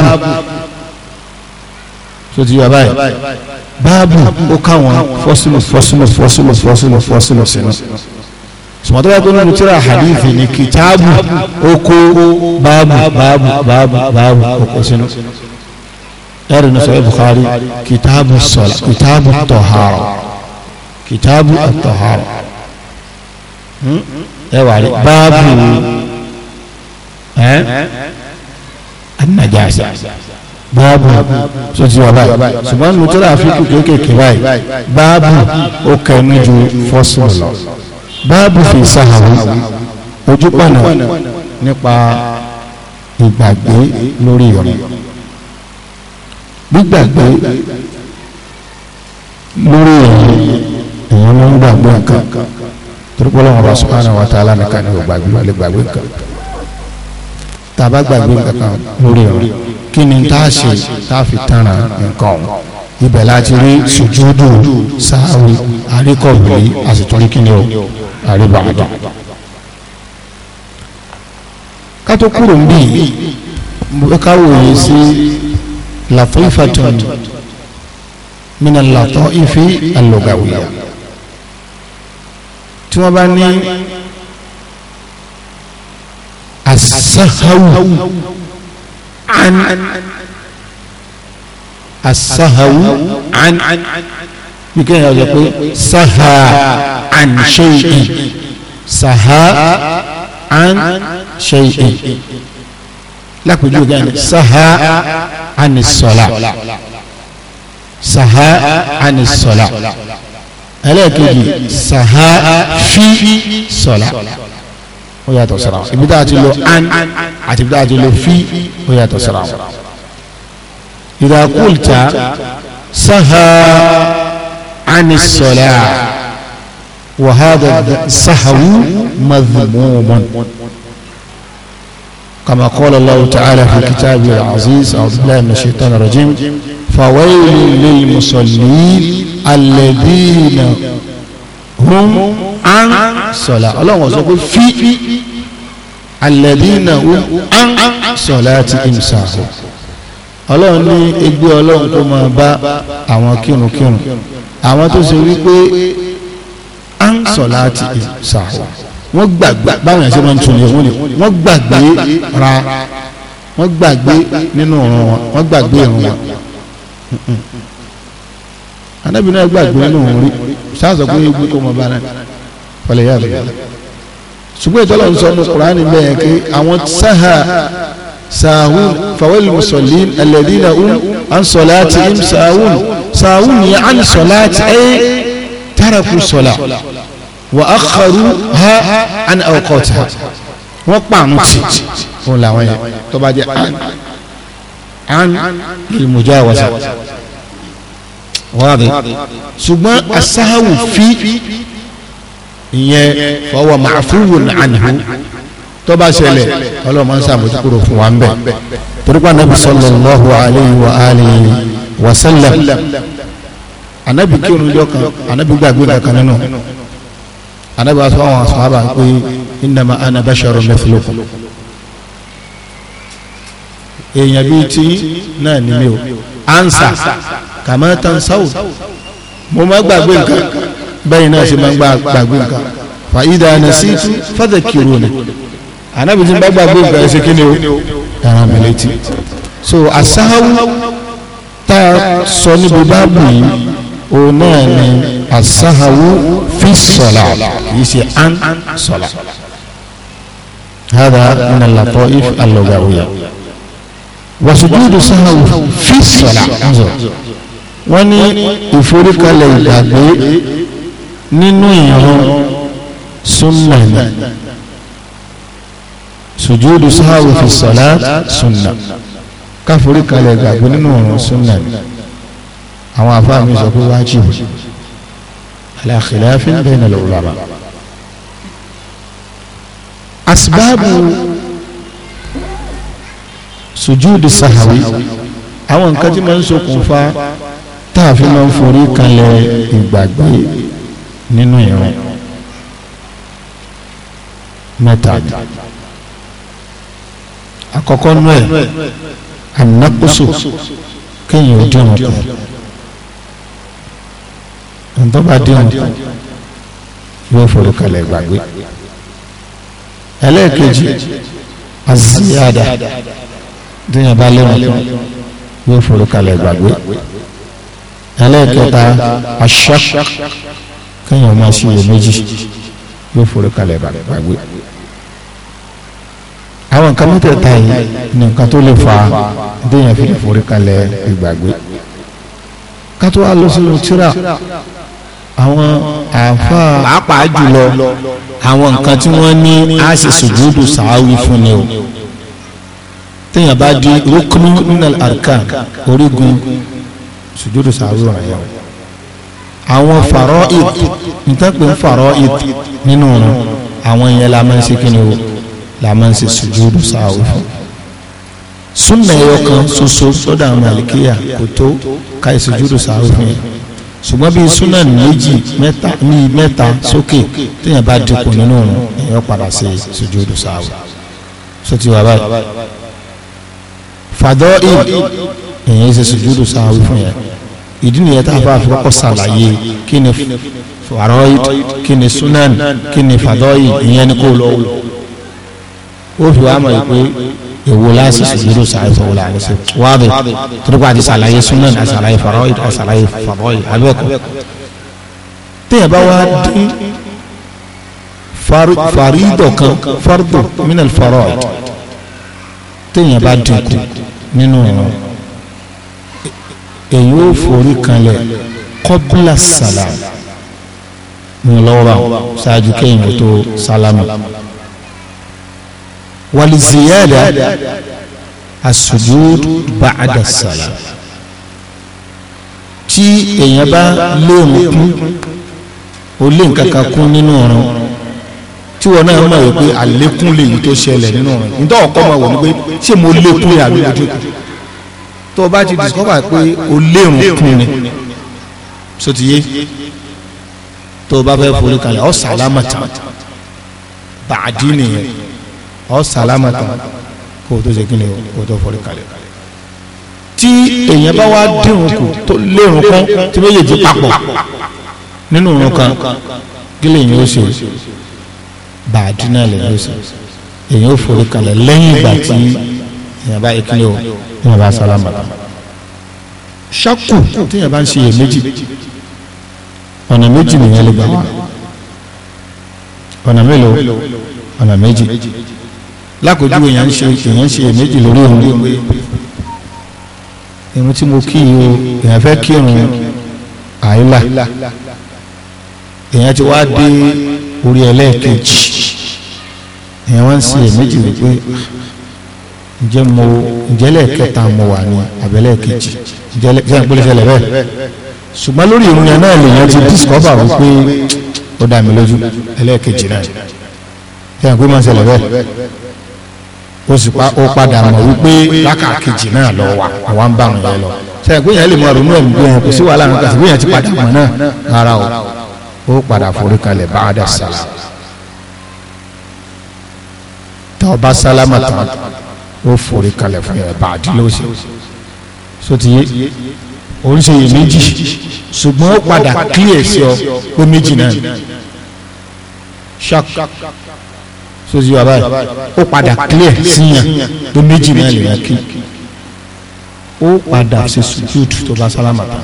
tó ti yọ abáyé báàbù ó káwọn fọ́sílọ́ fọ́sílọ́ fọ́sílọ́ fọ́sílọ́ fọ́sílọ́ sínú sùmọ́tò bá gbóná lu tíra hadithi ni kìtàbù oko báàbù báàbù báàbù báàbù oko sínú ẹ̀rì ní sọ̀rọ̀ Bukhari kìtàbù sọ̀rọ̀ kìtàbù tọ̀hárọ̀ kìtàbù àtọ̀hárà ẹwà rí báàbù ànàjàṣà báàbù sọtí wà báyìí ṣùgbọ́n nínú tíra àfikún kéékèèké báyìí báàbù ó kẹnu ju fọ́sùn lọ báàbù fi sàhàwù ojú pànà nípa ìgbàgbé lórí ọ̀rọ̀ gbígbàgbé lórí ọ̀rọ̀ àwọn ló ń gbàgbé nǹkan torípọ́ lọ́wọ́ bá subhanahu wa ta'ala nìkan ni ò gbàgbé má lè gbàgbé nǹkan tàbá gbàgbé nǹkan kan lórí ọ̀rọ̀ kí ni tá a ṣe tá a fi tànà nǹkan ọ̀hún ibẹ̀ láti rí sùjúdù sáàwì àríkọ̀wìlì àsìtúrí kíni o àríbàdà. ká tó kúrò ń bì mo ká wòye sí làfífàtún min al-lata'ifi al-lughawiyya tí wọ́n bá ní asahawu an asahawu an bí kí ẹ̀yàn sọ pé saha an shay'in saha an shay'in lápèjú gan saha an sọlá saha an sọlá. سها في صلاة ويا إذا قلت سها عن وهذا السهو مذموم كما قال الله تعالى في كتابه العزيز أعوذ بالله من الشيطان الرجيم فويل للمصلين alẹ́dínà hum an sọ̀lá ọlọ́run sọ pé fi alẹ́dínà hum an sọ̀lá ti ìmùsà ọlọ́run ní egbé ọlọ́run kó máa bá àwọn kírunkírun àwọn tó ṣe wípé an sọ̀lá ti ìmùsà wọ́n gbàgbé báwọn ẹ̀ṣẹ́ máa ń tún ní wọ́n gbàgbé ra wọ́n gbàgbé nínú ọ̀run wọn wọ́n gbàgbé ìrun wọn anabi náà gbàgbé lóhùn rí sáàsọ pé egbò kò mọ bára wọlé yàrá yàrá ṣùgbọ́n ìtọ́lọ̀ ń sọ ní kuraani bẹ́ẹ̀ kí àwọn sáhà sàhùn fawẹ́lì mùsọ̀lín ẹlẹ́dínà um ansọ̀láàtì im sàhùn sàhùn yẹ ansọ̀láàtì ẹ̀ tàràkù sọ̀là wà á xaru ha an awqata wọ́n pààrùn tì fún làwọn yẹn tó bá jẹ́ an an ilmujawaza. واضح سبحان السهو في ìyẹn fọwọ́ màfúwùn ànihù tó bá ṣẹlẹ̀ ọlọ́mọ ń sàmójú kúrò fún wa ń bẹ̀. torípa anabi sallallahu alayhi wa alihi wa sallam anabi kí òun jọ kan anabi gbàgbé kankan nínú anabi wa sọ àwọn sàhábà pé innama ana basharun mithlukum. èèyàn bíi tí náà ni mi ò ansa kàmá tan sáwò mo máa gbàgbé nǹkan bẹ́ẹ̀ náà ṣe máa gbàgbé nǹkan fa ìdá nasitu fadhakiruni ànábì tí n bá gbàgbé nǹkan ṣe kí ni o dára mi létí so asáwò tá a sọ níbi báàbù yìí òun náà ni asáwò fi sọlá kìí ṣe an sọlá hada min al-lataif al-lughawiyya wa sujudu sahwi fi sọlá ń wọ́n ní ìforíkalẹ̀ ìgbàgbé nínú ìran súnnà ni sùjúdù sáháwì fi sọ̀lá súnnà káforíkalẹ̀ ìgbàgbé nínú ìran súnnà ni àwọn àfáà mi sọ pé wájìbù ala khilafin bayna al-ulama asbáàbù sùjúdù sáháwì àwọn nǹkan tí máa ń ṣokùnfà táàfin máa ń forí kalẹ̀ ìgbàgbé nínú ìrun mẹ́ta ni àkọ́kọ́ nú ẹ̀ ànákóso kéèyàn ò dín ọ̀nà kan ntọ́ bá dín ọ̀nà kan yóò forí kalẹ̀ ìgbàgbé ẹlẹ́ẹ̀kejì azíyáda dín ọ̀nà lẹ́wọ̀n yóò forí kalẹ̀ ìgbàgbé ẹlẹ́ẹ̀kẹta aṣak kéèyàn máa ṣe iye méjì yóò forí kalẹ̀ gbàgbé àwọn nǹkan mẹ́tẹ̀ẹ̀ta yìí ni nǹkan tó lè fa déèyàn fi lè forí kalẹ̀ ìgbàgbé kátó wá lọ sínú tíra àwọn àáfàá pàápàá jùlọ àwọn nǹkan tí wọ́n ní á sì sùjúdù sàáwí fún ni o téèyàn bá di rúkúnú nínú àrùkà orígun sùjúdù sàárù ràn yẹn àwọn fàrọ́ id nítẹ́pẹ́ ń fàrọ́ id nínú ọ̀run àwọn yẹn la máa ń ṣe kíni o la máa ń ṣe sùjúdù sàárù fún súnà ẹyọ kan ṣoṣo sọ́dọ̀ àwọn màlìkíyà kò tó ká ìsùjúdù sàárù fún yẹn ṣùgbọ́n bí súnà méjì mẹ́ta ní mẹ́ta sókè téèyàn bá dínkù nínú ọ̀run èèyàn padà ṣe sùjúdù sàárù sọ ti báyìí fàdọ́ id èyàn ṣe sùjúdù sáwí fún yẹn ìdí nìyẹn tá a fà fọkọ ṣàlàyé kí ni faroid kí ni sunan kí ni fadọ́yì ìyẹn ni kò lọ́wọ́ ó fi wá mọ̀ pé èwo láti sùjúdù sáwí fún wọlé àgbẹ̀sẹ̀ wáàbẹ̀ torípa àti ṣàlàyé sunan àti ṣàlàyé faroid àti ṣàlàyé fadọ́yì abẹ́ẹ̀kọ́ téèyàn bá wá dín faridọ̀ kan fardu minal faroid téèyàn bá dín kù nínú ìrìn èyí ó forí kanlẹ̀ kọ́bùlà sàlám ńlọ́wọ́ ṣáájú kéèyàn tó sálámù waliziyada asujud ba'da salam tí èèyàn bá léèmù kún ó lé nǹkan kan kún nínú ọ̀run tí wọn náà mọ̀ wípé àlékún lèyí tó ṣẹlẹ̀ nínú ọ̀run nítorí ọkọ máa wọ̀ wípé ṣé mo lékún yàrá ìdókòwò tó o bá ti discover pé o léèrún kún ni so ti yé tó o bá fẹ́ forí kalẹ̀ ọ sàlámà tán bàdí nìyẹn ọ sàlámà tán kó o tó ṣe kíni o kó o tó forí kalẹ̀ tí èèyàn bá wá dírun kù tó léèrún kún tí méjèèjì papọ̀ nínú òun kan kí lèyìn ó ṣe bàdí náà lèyìn ó ṣe èèyàn ó forí kalẹ̀ lẹ́yìn ìgbà tí èèyàn bá yẹ kílẹ̀ o èèyàn bá sálámà ṣakù téèyàn bá ń ṣe yẹ méjì ọ̀nà méjì nìyẹn lè gbà wá ọ̀nà mélòó ọ̀nà méjì lákòójú èèyàn ń ṣe èèyàn ń ṣe yẹ méjì lórí òun irun tí mo kí yìí o èèyàn fẹ́ kí irun àìlà èèyàn ti wá dé orí ẹlẹ́ẹ̀kejì èèyàn wá ń ṣe yẹ méjì wípé ǹjẹ́ mo ǹjẹ́lẹ̀ kẹta mo wà ní abẹ́lẹ̀ kejì ǹjẹ́lẹ̀ kí n gbọ́dọ̀ ṣẹlẹ̀ bẹ́ẹ̀ ṣùgbọ́n lórí ìrun yẹn náà lèèyàn ti discover wípé ó dá mi lójú ẹlẹ́ẹ̀kejì náà kí n gbọ́dọ̀ ṣẹlẹ̀ bẹ́ẹ̀ ó sì pa ó padà mọ̀ wípé rákà kejì náà lọ wà àwa ń bá wọn yẹn lọ sẹ́yìn gbìyànjú lè mọ ọ̀rọ̀ mú ẹ̀mí gbìyànjú kò sí wàhálà nǹkan sí gbìyànjú ti padà mọ̀ náà rárá o ó padà forí kalẹ̀ bá a dà sálámà tá ọba sálámà tán ó forí kalẹ̀ fún ẹ̀ bá a dín lóṣè sotiye oríṣi yìí méjì ṣùgbọ́n ó padà clear sí ọ pé méjì náà ṣak sojú wa báyìí ó padà clear síyàn pé méjì náà lè yà kí ó padà ṣe sùjúùtù tó bá sálámà tán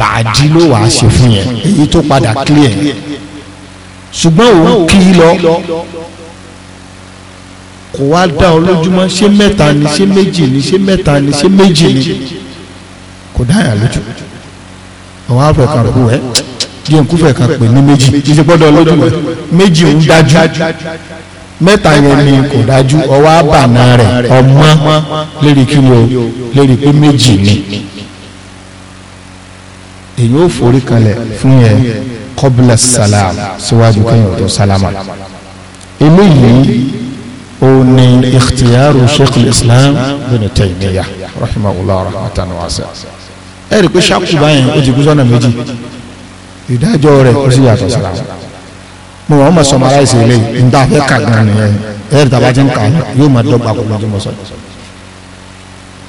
bàájí ló wàá ṣe fún yẹn èyí tó padà clear ṣùgbọ́n òun kí lọ kò wá dá ọ lójúmọ́ ṣé mẹ́ta ni ṣé méjì ni ṣé mẹ́ta ni ṣé méjì ni kò dáyà lójú àwọn afẹ́kan kú ẹ díẹ̀ nkú fẹ́kan pè ní méjì jíjẹ gbọ́dọ̀ lójú rẹ méjì ń dájú mẹ́ta yẹn ni kò dájú ọwọ́ àbànà rẹ̀ ọmọ lérí kí ni o lérí pé méjì ni èyí ò forí kalẹ̀ fún yẹn kọ́bùlà sàlám síwájú kẹ́yìn ọ̀tọ̀ sálámà eléyìí òun ni ikhtiyaru sheikh islam bin taymiya rahimahullah rahmatan wasa ẹ rí i pé ṣáàkù báyìí ó ti kú sọ́nà méjì ìdájọ́ rẹ̀ ó sì yàtọ̀ síra mo wọ́n mọ̀ sọmọ aláìsí ilé yìí níta fẹ́ kà gan nìyẹn ẹ̀rì tàbá ti ń kà yóò máa dọ́gba kó lójú mọ́ sọ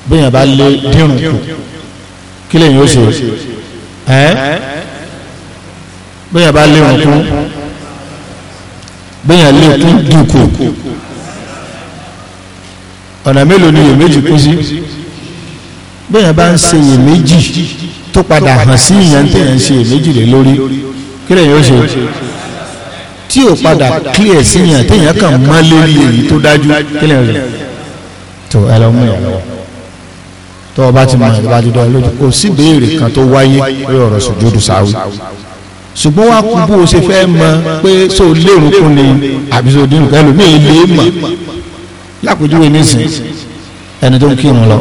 bẹ́ẹ̀ bá lé dírùn kù kí lèyìn ó ṣe ẹ́ bẹ́ẹ̀ bá lé rùn kún bẹ́ẹ̀ lé kún dínkù ọ̀nà mélòó ni iyèméjì kú sí bẹ́ẹ̀ bá ń ṣe iyèméjì tó padà hàn sí ìyẹn tẹ̀yẹ̀ ń ṣe iyèméjì lé lórí kí lèyìn ó ṣe tí ò padà clear sí yẹn tẹ̀yẹ̀ kàn mọ́ lórí èyí tó dájú kí lèyìn ó ṣe tó ẹ lọ mú ìyàwó tó o bá ti mọ ìbájú dán lójú kò sí béèrè kan tó wáyé lórí ọ̀rọ̀ sùjúdù sáwí ṣùgbọ́n wá kú bó o ṣe fẹ́ mọ pé so lérò kún ni àbí so dín nǹkan ẹlòmíì lè mọ̀ lápèjúwe nísìn ẹni tó ń kírun lọ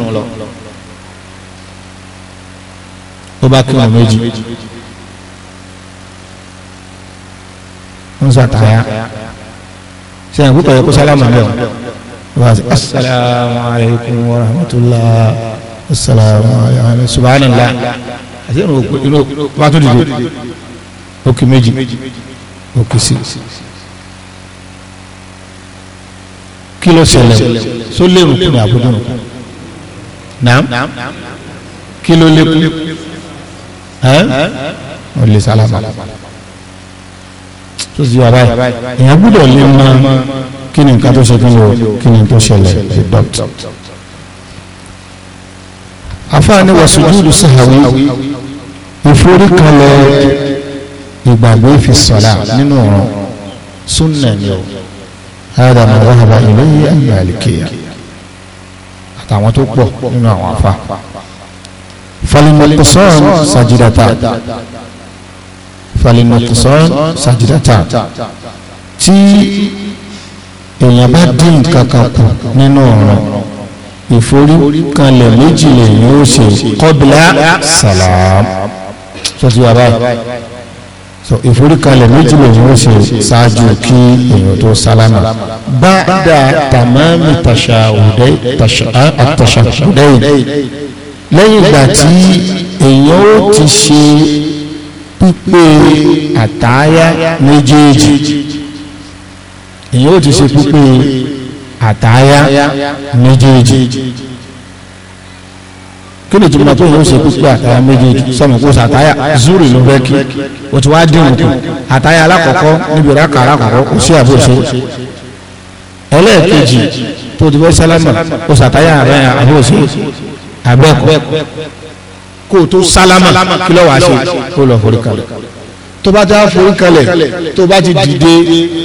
ó bá kírun méjì ń sàtàyà sẹ́yìn púpọ̀ yẹ kó sálámà bẹ́ẹ̀ wá sí asalaamu wa rahmatulah asalaamu subhanallah àti ìrìn òkú bá tó dìde ó kí méjì ó sí. kí ló ṣẹlẹ̀ o só lérò kúrò àbúrò rẹ naam kí ló lékún ọ lè sálámà tó ti yọ abáyé èèyàn gbúdọ̀ lè mọ kí ni nǹkan tó ṣe kí ni o kí ni tó ṣẹlẹ̀ reduct afaani wasujudu sahawi ìforíkalẹ̀ ìgbàgbé fi sọ̀la nínú ọ̀rọ̀ sunna ni o. هذا ما ذهب إليه المالكية àtàwọn tó pọ̀ nínú àwọn afa falinokosọ́n sajidata falinokosọ́n sajidata tí èèyàn bá dín nǹkan kan kù nínú ọ̀ràn ìforíkanlẹ̀ méjì lèyìn ó ṣe kọ́bílá sàlám tó ti wà báyìí so ìforíkalẹ̀ méjì lèyìn ó ṣe ṣáájú kí èèyàn tó sálámà bá dà tàmámì tàṣàhùdẹ́ àtàṣàhùdẹ́ lẹ́yìn ìgbà tí èèyàn ó ti ṣe pípé àtàyà méjèèjì èèyàn ó ti ṣe pípé àtàyà méjèèjì kí ni ìtumọ̀ tó yóò ṣe pípé àtàyà méjèèjì sọmọ kó sàtáyà zúrì ló bẹ́ kí o ti wá dìrùn kù àtàyà alákọ̀ọ́kọ́ níbi ìrákà alákọ̀ọ́kọ́ kò sí àbòsó ẹlẹ́ẹ̀kejì tó ti fẹ́ sálámà kó sàtáyà rẹ̀ àbòsó àbẹ́kọ̀ kó tó sálámà kí lọ́wọ́ àṣẹ kó lọ forí tó bá ti á tó bá ti dìde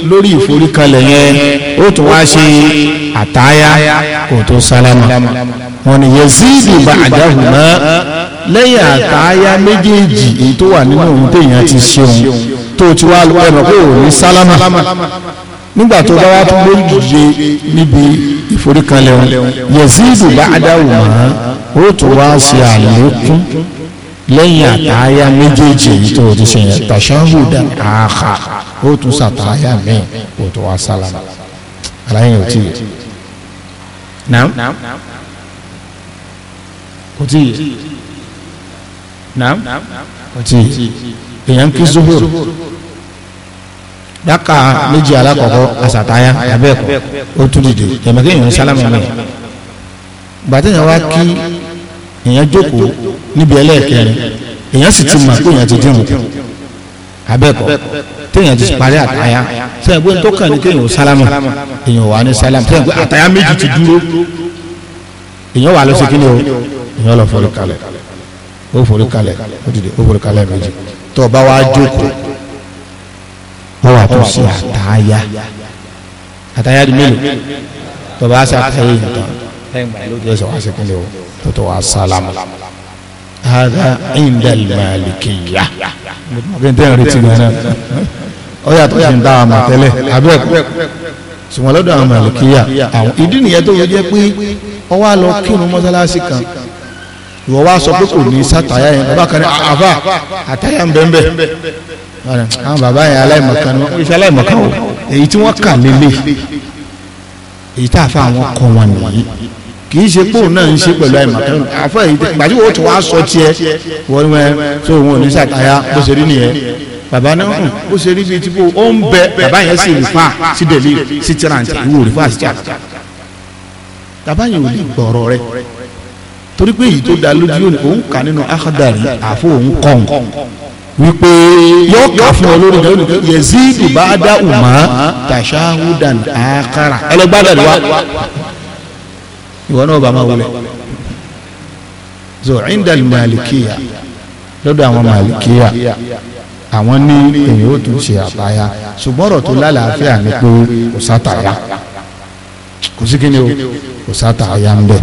lórí ìforí yẹn ó tún wá ṣe àtàyà kó tó sálámà wọn ni yẹzíìdì bàdáhùn náà lẹ́yìn àtàyà méjèèjì èyí tó wà nínú ohun téèyàn ti ṣe òun tó ti wá ẹ̀rọ pé òun ní sálámà nígbà tó bá wá tún lórí dìde níbi ìforíkanlẹ̀ wọn yẹzíìdì bàdáhùn náà ó tún wá ṣe àlékún lẹ́yìn àtàyà méjèèjì èyí tó ti ṣe yẹn tàṣáhùdà àhà ó tún ṣàtàyà míì ó tún wá sálámà aláyẹ̀ ò tí now kò tí yẹ naam kò tí yẹ èèyàn kí zuhur daka méjì alakọkọ asataya abẹ́ẹ̀kọ ó tún dìde tẹ̀mẹ́kẹ́ èèyàn sálámù mi gbàtẹ́yìn wa kí èèyàn jókòó níbi ẹlẹ́ẹ̀kẹrin èèyàn sì ti mọ̀ pé èèyàn ti dín mu abẹ́ẹ̀kọ téèyàn ti parí àtàyà sẹ́yìn pé tó kàn ní kéèyàn sálámù èèyàn wà ní sálámù sẹ́yìn pé àtàyà méjì ti dúró èèyàn wà lọ́sẹ̀kí ni o ìyẹn lọ forí kalẹ̀ ó forí kalẹ̀ ó dìde ó forí kalẹ̀ méjì tó o bá wá jókòó wọ́n wà tó sí àtàyà àtàyà di mélòó tó o bá ṣe àtàyà yìí tán lẹ́yìn ìgbà yìí ló dé ṣe wá ṣe kíni o tó tó wá sálámù. hada inda al-malikiyya mọ̀kẹ́ tẹ́ ẹ̀ retí nìyẹn náà ó yàtọ̀ sí ń dá àmà tẹ́lẹ̀ abẹ́ẹ̀kọ́ sùmọ́lọ́dọ̀ àmà lókìyà àwọn ìdí nìyẹn tó yẹ jẹ́ pé ọwọ́ àlọ́ kírun mọ́sálásí kan ìwọ wá sọ pé kò ní sátàyà yẹn bàbá kan ní ah, àbá àtàyà ń bẹ́ẹ̀ bẹ́ẹ̀ àwọn bàbá yẹn aláìmọ̀kan ni wọ́n fi aláìmọ̀kan o èyí tí wọ́n kà lélẹ̀ èyí tá a fa àwọn kọ wọn nìyí kì í ṣe pé òun náà ń ṣe pẹ̀lú àìmọ̀kan àfọ èyí gbàtí wo tó wá sọ tiẹ̀ wọ́n ní wọ́n tó wọn ò ní sàtáyà bó ṣe rí nìyẹn bàbá náà hàn hmm, bó ṣe rí bíi tipo ó ń bẹ bàbá yẹn sì rìfà sí dẹ̀lí sí tìrantì ìwò rìfà sí tìrantì bàbá yẹn torí pé èyí tó da lójú yóò ní òun kà nínú akadari àfọ òun kọ̀ọ̀n wípé yóò kà fún ọ lórí rẹ yẹzídù bá dá ùmá tàṣáhùdàn àkàrà ẹlẹgbàdàn wa ìwọ náà bá máa wọlé so indal malikiya lọ́dọ̀ àwọn malikiya àwọn ní èyí ó tún ṣe àbáyá ṣùgbọ́n ọ̀rọ̀ tó lálàáfíà ni pé kò sátàyà kò sí kí ni o kò sátàyà ń bẹ̀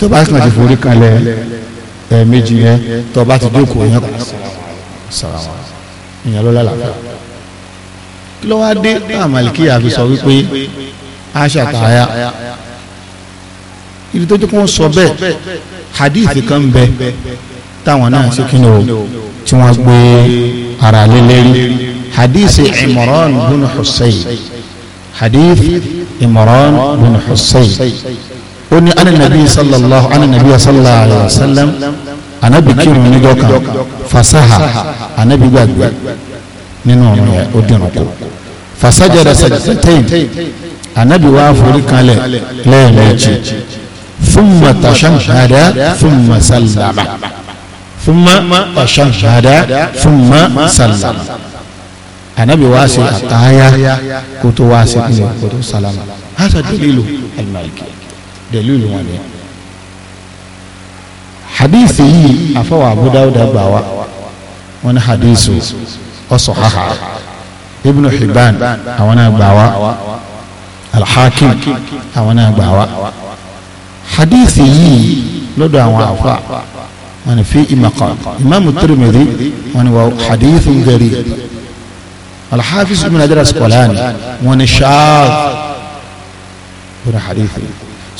tó bá kàn ti forí kalẹ̀ ẹ̀ẹ̀mejì yẹn tó bá ti jókòó yẹn kò sàràwà ìyẹn ló lálàáfíà kí ló wá dé àmàlìkí àfi sọ wípé aṣa tààyà ibi tó jókòó sọ bẹ́ẹ̀ hadith kan bẹ táwọn náà ṣe kí ni o tí wọ́n gbé ara lé lérí hadith Imran bin Husayn hadith Imran bin Husayn ó ní ananabi sallallahu ananabi sallallahu alayhi wa sallam anabi kírun níjọ́ kan fasaha anabi gbàgbé nínú ọ̀run yẹn ó dìrun kù fasajara sajatayin anabi wa forí kalẹ̀ lẹ́ẹ̀mejì thumma tashahhada thumma sallama thumma tashahhada thumma sallama anabi wa ṣe àtàyà kótó wa ṣe kílẹ̀ kótó sallama hasa dalilu al dẹ̀lúlù wọn ni hadisi yìí afọwọ́ Abu Dawud gbà wá wọn ni hadisi ọsọ haha Ibn Hibban àwọn náà gbà wá Al-Hakim àwọn náà gbà wá hadisi yìí lọ́dọ̀ àwọn afa wọn ni fi imaqam imaamu Tirmidhi wọn ni wà hadisi gari Al-Hafiz Ibn Hajar wọn ni shaadh wọn ni hadisi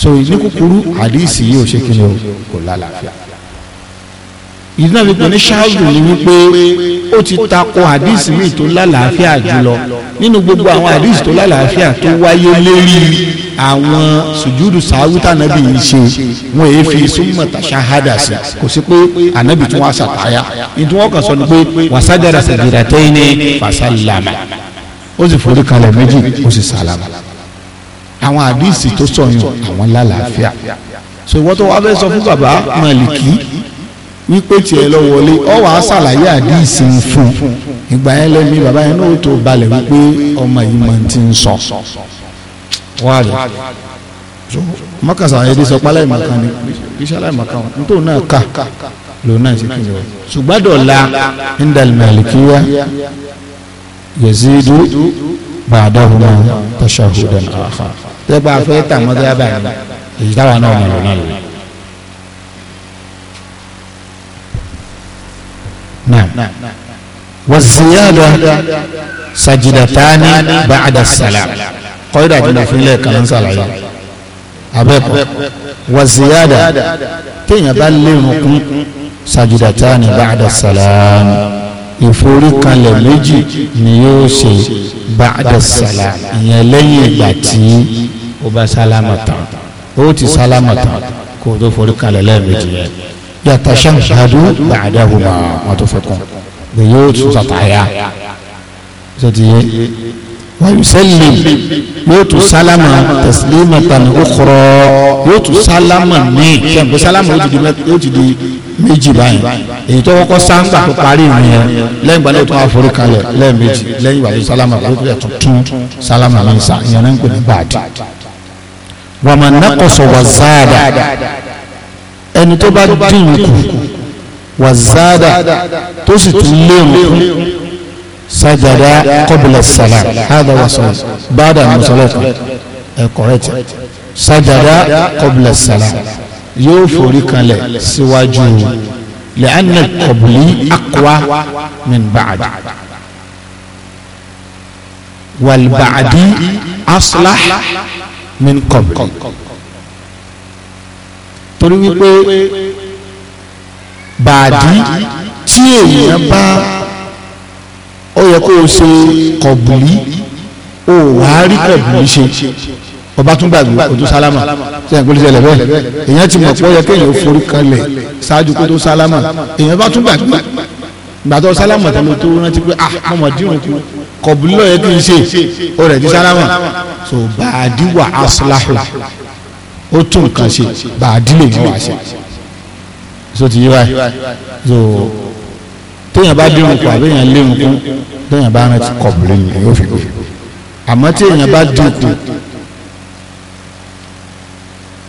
so ní kúkúrú hadisi yìí ò ṣe kí ni o kò lálàáfíà ìdí náà fi pé ní ṣáájú ni wípé ó ti takò hadisi míì tó lálàáfíà jùlọ nínú gbogbo àwọn hadisi tó lálàáfíà tó wáyé lérí àwọn sùjúdù sàáwí tànàbì yìí ṣe wọn èyí fi súnmọ́ tàṣáhádà sí kò sí pé ànábì tún wá sàtáyà ìdí wọn kàn sọ ni pé wàsájára sàjìdà tẹ́yìn ní fàṣà làmà ó sì forí kalẹ̀ méjì ó sì sàlámà àwọn àdìsí tó sọyún àwọn lálàáfíà so ìwọ́n tó wá fẹ́ sọ fún bàbá màlìkì wípé tiẹ̀ lọ wọlé ọ wàá ṣàlàyé àdìsí fún ìgbà yẹn lẹ́mí bàbá yẹn náà tó balẹ̀ wípé ọmọ yìí máa ti ń sọ wáàlẹ̀ mọ́kànsá àwọn ẹbí sọ pálá ìmọ̀kan ni iṣẹ́ aláìmọ̀kan wọn nítorí náà kà lòun náà ti kí ni wọn. ṣùgbádọ̀la indal malikiya yazidu ba'dahuma tashahudan akhar sẹ́pà afẹ́ tà mọ́tò yá báyìí èyí táwa náà mọ̀ lọ́nà lò. wàzíyàdà sajidatani ba'da salam kọ́ídà tó dà fún ilé kan sàlàyé abẹ́kọ̀ wàzíyàdà téèyàn bá lérun kún sajidatani ba'da salam ìforíkalẹ̀ méjì ni yóò ṣe ba'da salam ìyẹn lẹ́yìn ìgbà tí ó bá sálámà tán ó ti sálámà tán kó tó forí kalẹ̀ lẹ́ẹ̀mejì yẹn yàtọ̀ sàǹhàdù bàdàhùmá wọn tó fẹ́ kàn bẹ́ẹ̀ yóò tún sàtàyà sọtìyẹ wàyùsẹ́lì yóò tún sálámà tẹ̀sílẹ́mà tani ó kọ̀rọ̀ yóò tún sálámà míì kẹ́ǹkó sálámà ó ti di méjì báyìí èyí tó kọ́kọ́ sáńgbà tó parí ìrìn yẹn lẹ́yìn ìgbà náà tó wà forí kalẹ̀ lẹ́ẹ̀mejì lẹ́yìn ìgbà tó sálámà ló tún sálámà ní sá ìyẹn náà ń pè ní bàdì. وما نقص وزاد ان تبا دينك وزاد تسيت لهم سجد قبل السلام هذا وصل بعد المصلاه قريت سجد قبل السلام يوفري كله سواجو لان القبل اقوى من بعد والبعد اصلح min qabli torí wípé bàdí tí èèyàn bá ó yẹ kó o ṣe kọ̀bùlí ó wà á rí kọ̀bùlí ṣe ọba tún gbàgbé kó tó sálámà sẹ́yìn kó lè ṣẹlẹ̀ bẹ́ẹ̀ èèyàn ti mọ̀ pé ó yẹ kéèyàn forí kanlẹ̀ ṣáájú kó sálámà èèyàn bá tún gbàgbé gbàtọ́ sálámà tó ló tó rántí pé ah mọ̀mọ́ dírun kú kọ̀bùlọ̀ yẹ kí n ṣe ó rẹ̀ di sálámà so bàdí wà aslahu ó tún nǹkan ṣe bàdí lè yẹn wà ṣe so ti yí wáyé so téèyàn bá dírun kú àbẹ́yàn léwu kú téèyàn bá rántí kọ̀bùlọ̀ yẹn yóò fi kú àmọ́ téèyàn bá dírun kú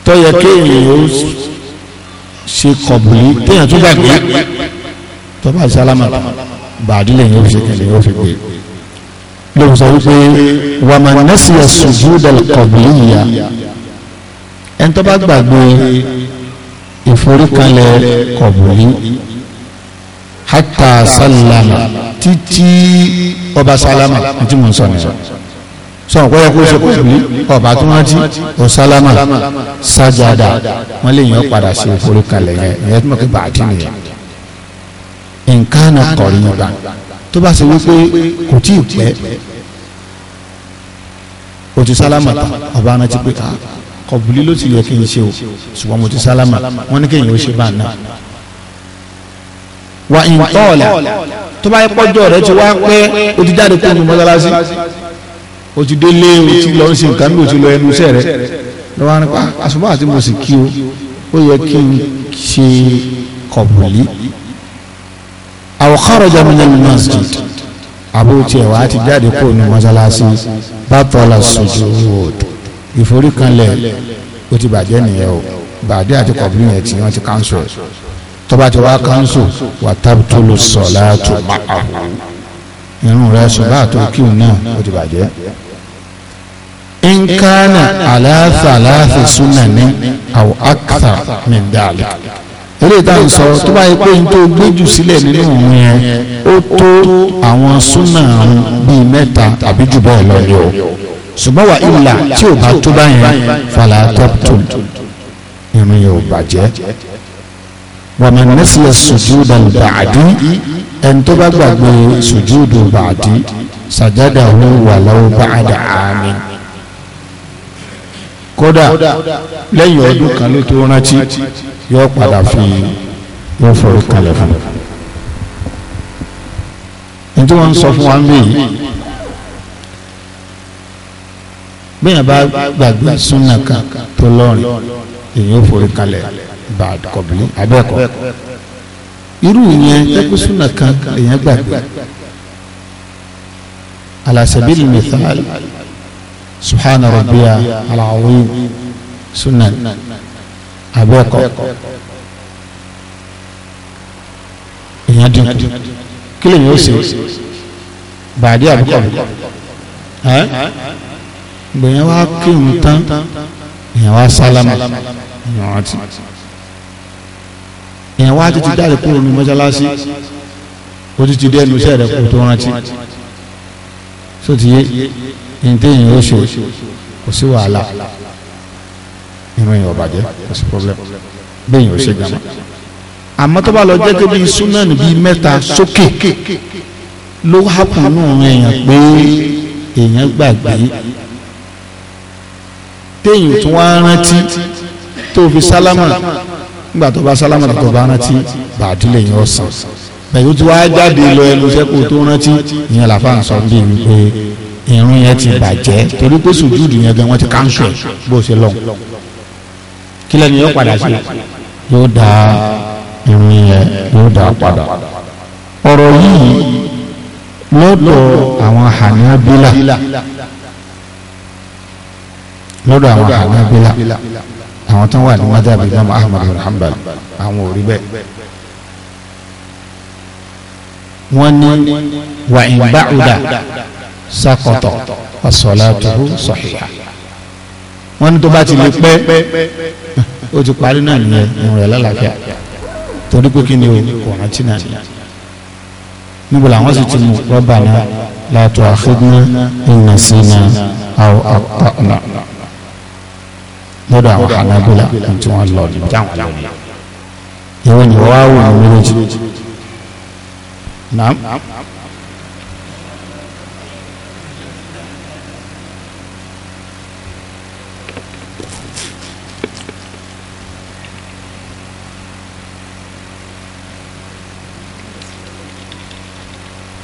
tọ́yẹ kéèyàn ó ṣe kọ̀bùlọ̀ téèyàn tún gbàgbé tọ́ba sálámà bàdílẹ̀ yóò fi kẹlẹ̀ yóò fi gbé lóun sọ wípé wàmà nẹ́sìyà sùjúdà kọ̀bìlìyà ẹni tó bá gbàgbé ìforíkanlẹ̀ kọ̀bìlì hátà sálámà títí ọba sálámà tí mo ń sọ nìyẹn sọ nǹkan yẹ kó ṣe kọ̀bìlì ọba tó rántí ọ sálámà sájàdà wọn lè yàn padà sí ìforíkanlẹ̀ yẹn ìyẹn tó mọ̀ pé nìyẹn nǹkan náà kọ̀rin gbà tó bá ṣe wípé kò tí ì pẹ́ o ti sálámà ọba aná ti pé a ah, kọ̀bùlí ló ti yẹ kí n ṣe o ṣùgbọ́n mo ti sálámà wọ́n ní kéèyàn ó ṣe bá a náà. wà ìntọ́ọ̀là tó bá yẹ pọ́jọ́ rẹ ti wá pẹ́ o ti jáde kúrò ní mọ́sálásí o ti délé o ti lọ ń ṣe nǹkan mi o ti lọ ẹnu iṣẹ́ rẹ lọ́wọ́ nípa ah, àṣùbọ̀ àti mo sì kí o ó yẹ kí n ṣe kọ̀bùlí aw kharaja min al-masjid àbótí ẹ̀ wá ti jáde kó ní mọ́sálásí bàtọ́lá sujud ìforíkanlẹ̀ ó ti bàjẹ́ nìyẹn o bàdé àti kọ̀bí yẹn tí wọ́n ti kánṣó tọ́ba ti wá kánṣó wà tábìtúlù salatu máa irun rẹ̀ ṣùgbọ́n àti òkìwù náà ó ti bàjẹ́. in kana ala thalathi sunan aw akthar min eré ìdáhùn sọ tó bá yẹ pé n tó gbójú sílẹ̀ nínú òun yẹn ó tó àwọn súnà bíi mẹ́ta àbí jù bẹ́ẹ̀ lọ ni o ṣùgbọ́n wà ìlà tí ò bá tó bá yẹn fàlà tọ́pù irun yẹn ò bàjẹ́ wọ́n máa nẹ́sílẹ̀ sùjúdà bàdí ẹni tó bá gbàgbé sùjúdà bàdí sàjádà hu wà lọ́wọ́ bàdà àmín kódà lẹ́yìn ọdún kan ló tó rántí yóò padà fi yóò forí kalẹ̀ fún un tí wọ́n ń sọ fún wa ń bẹ̀ yìí bẹ́ẹ̀ bá gbàgbé súnà kan tó lọ́rin èyí ó forí kalẹ̀ bá kọ̀bìlì abẹ́ẹ̀kọ́ irú yẹn tẹ́kù súnà èyàn gbàgbé alasabili mithal subhana rabbiya alaawin sunan abẹ́ẹ̀kọ́ èèyàn dínkù kí lè yóò ṣe bàdí àbúkọ̀ gbèyàn wá kírun tán èèyàn wá sálámà èèyàn wá ti èèyàn wá ti ti dáre kúrò ní mọ́ṣáláṣí ó ti ti dẹ́nu iṣẹ́ rẹ̀ kó tó rántí sótìyé ní téèyàn ó ṣe kò sí wàhálà irun yẹn ọ̀bàjẹ́ kò sí problem béèyàn ó ṣe gàmà àmọ́ tó bá lọ jẹ́ pé bíi súnà bíi mẹ́ta sókè ló hápù náà èèyàn pé èèyàn gbàgbé téèyàn tún wá rántí tó fi sálámà nígbà tó bá sálámà tó bá rántí bàdílé yẹn ọ̀sán bẹ̀rù tí wàá jáde lọ ẹnu iṣẹ́ kó tó rántí ìyẹn làfáà sọ bíi wípé irun yẹn ti bàjẹ́ torí pé sùjúdù yẹn gan wọ́n ti kánṣẹ̀ bó ṣe lọ kí lẹ́nu yóò padà ṣe yóò da irun yẹn yóò da padà ọ̀rọ̀ yìí lọ́dọ̀ àwọn Hanabila lọ́dọ̀ àwọn Hanabila àwọn tó wà ní mọ́tàbí Imam Ahmad alhambal àwọn ò rí bẹ́ẹ̀ wọ́n ní wàhíńbáhùdà sakọtọ wasolatuhu sọhiha wọn ní tó bá ti lè pẹ́ ó ti parí náà nìyẹn ìrìn rẹ̀ lálàáfíà torí pé kí ni o kò rántí náà nìyẹn níbo làwọn sì ti mú rọ́bà náà látọ̀ àfẹ́gbọ́n ìnà sí náà àwọn àpá náà lọ́dọ̀ àwọn hanabila tí wọ́n lọ ní táwọn lọ́wọ́ ìwé ni wọ́n wá wò ní méjèèjì.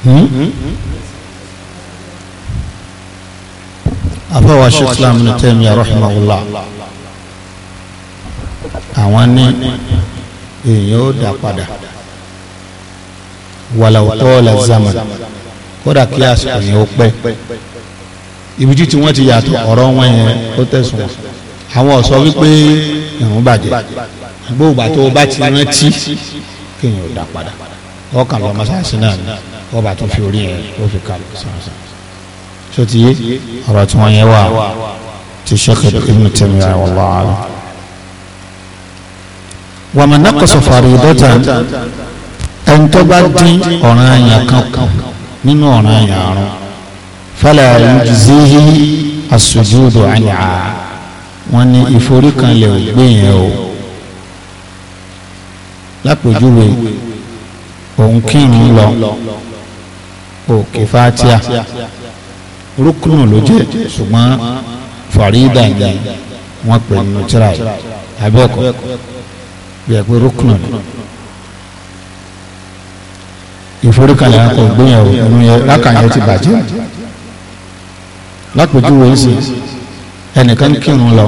afọwọ́ hmm? hmm? sheikh islam ní tẹ́mi rahimahullah àwọn ní èèyàn ó dà padà wàlàwùtọ́ la zaman kódà kí àsìkò yẹn ó pẹ́ ibi tí wọ́n ti yàtọ̀ ọ̀rọ̀ wọn yẹn ó tẹ̀sùn àwọn ọ̀sọ́ wípé ìrún bàjẹ́ gbogbo àti ọba ti rántí kéèyàn ó dà padà ọkàn lọ́mọ sáà sí náà ni wọ́n bá tún fi orí yẹn ó fi kalẹ̀ sọ̀rọ̀ so ti yé ọ̀rọ̀ tí wọ́n yẹ wá ti sẹ́kẹ̀ Ibn Taymiyyah wallahu a'lam. wa man naqasa faridatan ẹni tó bá dín ọ̀ràn àyàn kan kù nínú ọ̀ràn àyàn àrùn fala yujzihi as-sujudu anha wọ́n ní ìforíkanlẹ̀ ò yẹn o lápèjúwe òun kírun lọ kò kí fatia rúkúnù ló jẹ ṣùgbọ́n farida ni wọ́n pè nínú tíra yìí abẹ́ẹ̀kọ́ bí ẹ pé rúkúnù ni ìforíkalẹ̀ akọ̀ gbéyàwó nínú yẹn lákàyẹ ti bàjẹ́ lápèjúwe ń sìn ẹnìkan kírun lọ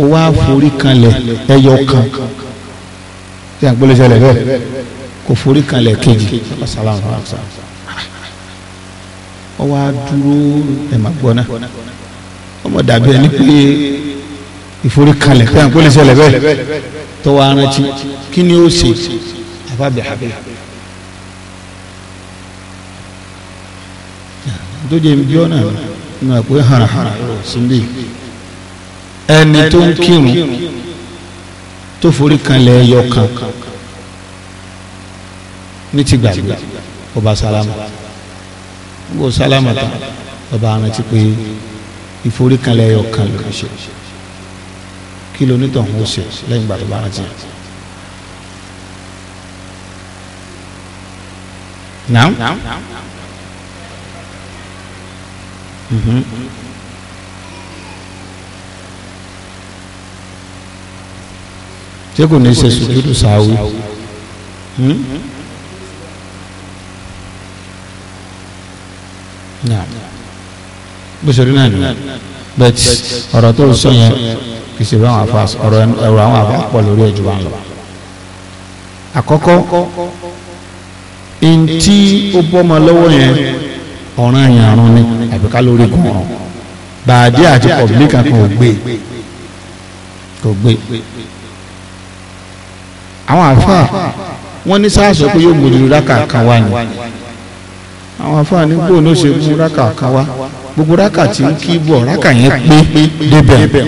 ó wá forí kanlẹ̀ ẹyọ kan tí à ń gbólé ṣẹlẹ̀ kò forí kalẹ̀ kejì ọ wá dúró ẹ̀mà gbọ́ná ọmọ dàbí ẹni pé ìforí kalẹ̀ pé àǹkó lè ṣẹlẹ̀ bẹ́ẹ̀ tó wá rántí kí ni ó ṣe àbábẹ́ àbẹ́ tó jẹ́ ibi ọ̀nà náà pé hàràhàrà síbí ẹni tó ń kírun tó forí kalẹ̀ yọkan ní ti gbàgbé ọba sálámà gbogbo sálámà tán ọba rántí pé ìforíkanlẹ̀ ẹyọ kan ló ń ṣe kí ló nítọ̀hún ó ṣe lẹ́yìn ìgbà tó bá rántí. Naam. mm kò ní ṣe sùjúdù sáwí. Hmm? bó ṣe rí náà nìyẹn bẹ́ẹ̀ ọ̀rọ̀ tó sọ yẹn kì í ṣe báwọn afa ọ̀rọ̀ ẹ̀rọ àwọn afa pọ̀ lórí ẹ̀jú wa lọ. àkọ́kọ́ ntí ó bọ́mọ lọ́wọ́ yẹn ọ̀ràn yẹn àrùn ni àbíká lórí gan ọ̀ràn bàdí àti pọ̀bìlì kankan ò gbé kò gbé àwọn afa wọn ní sáà pé yóò gbòdìrú lákàkàn wá ni àwọn afáàní gbòó ló ṣe mú rákà kan wá gbogbo rákà tí ń kí bọ̀ rákà yẹn pé débẹ̀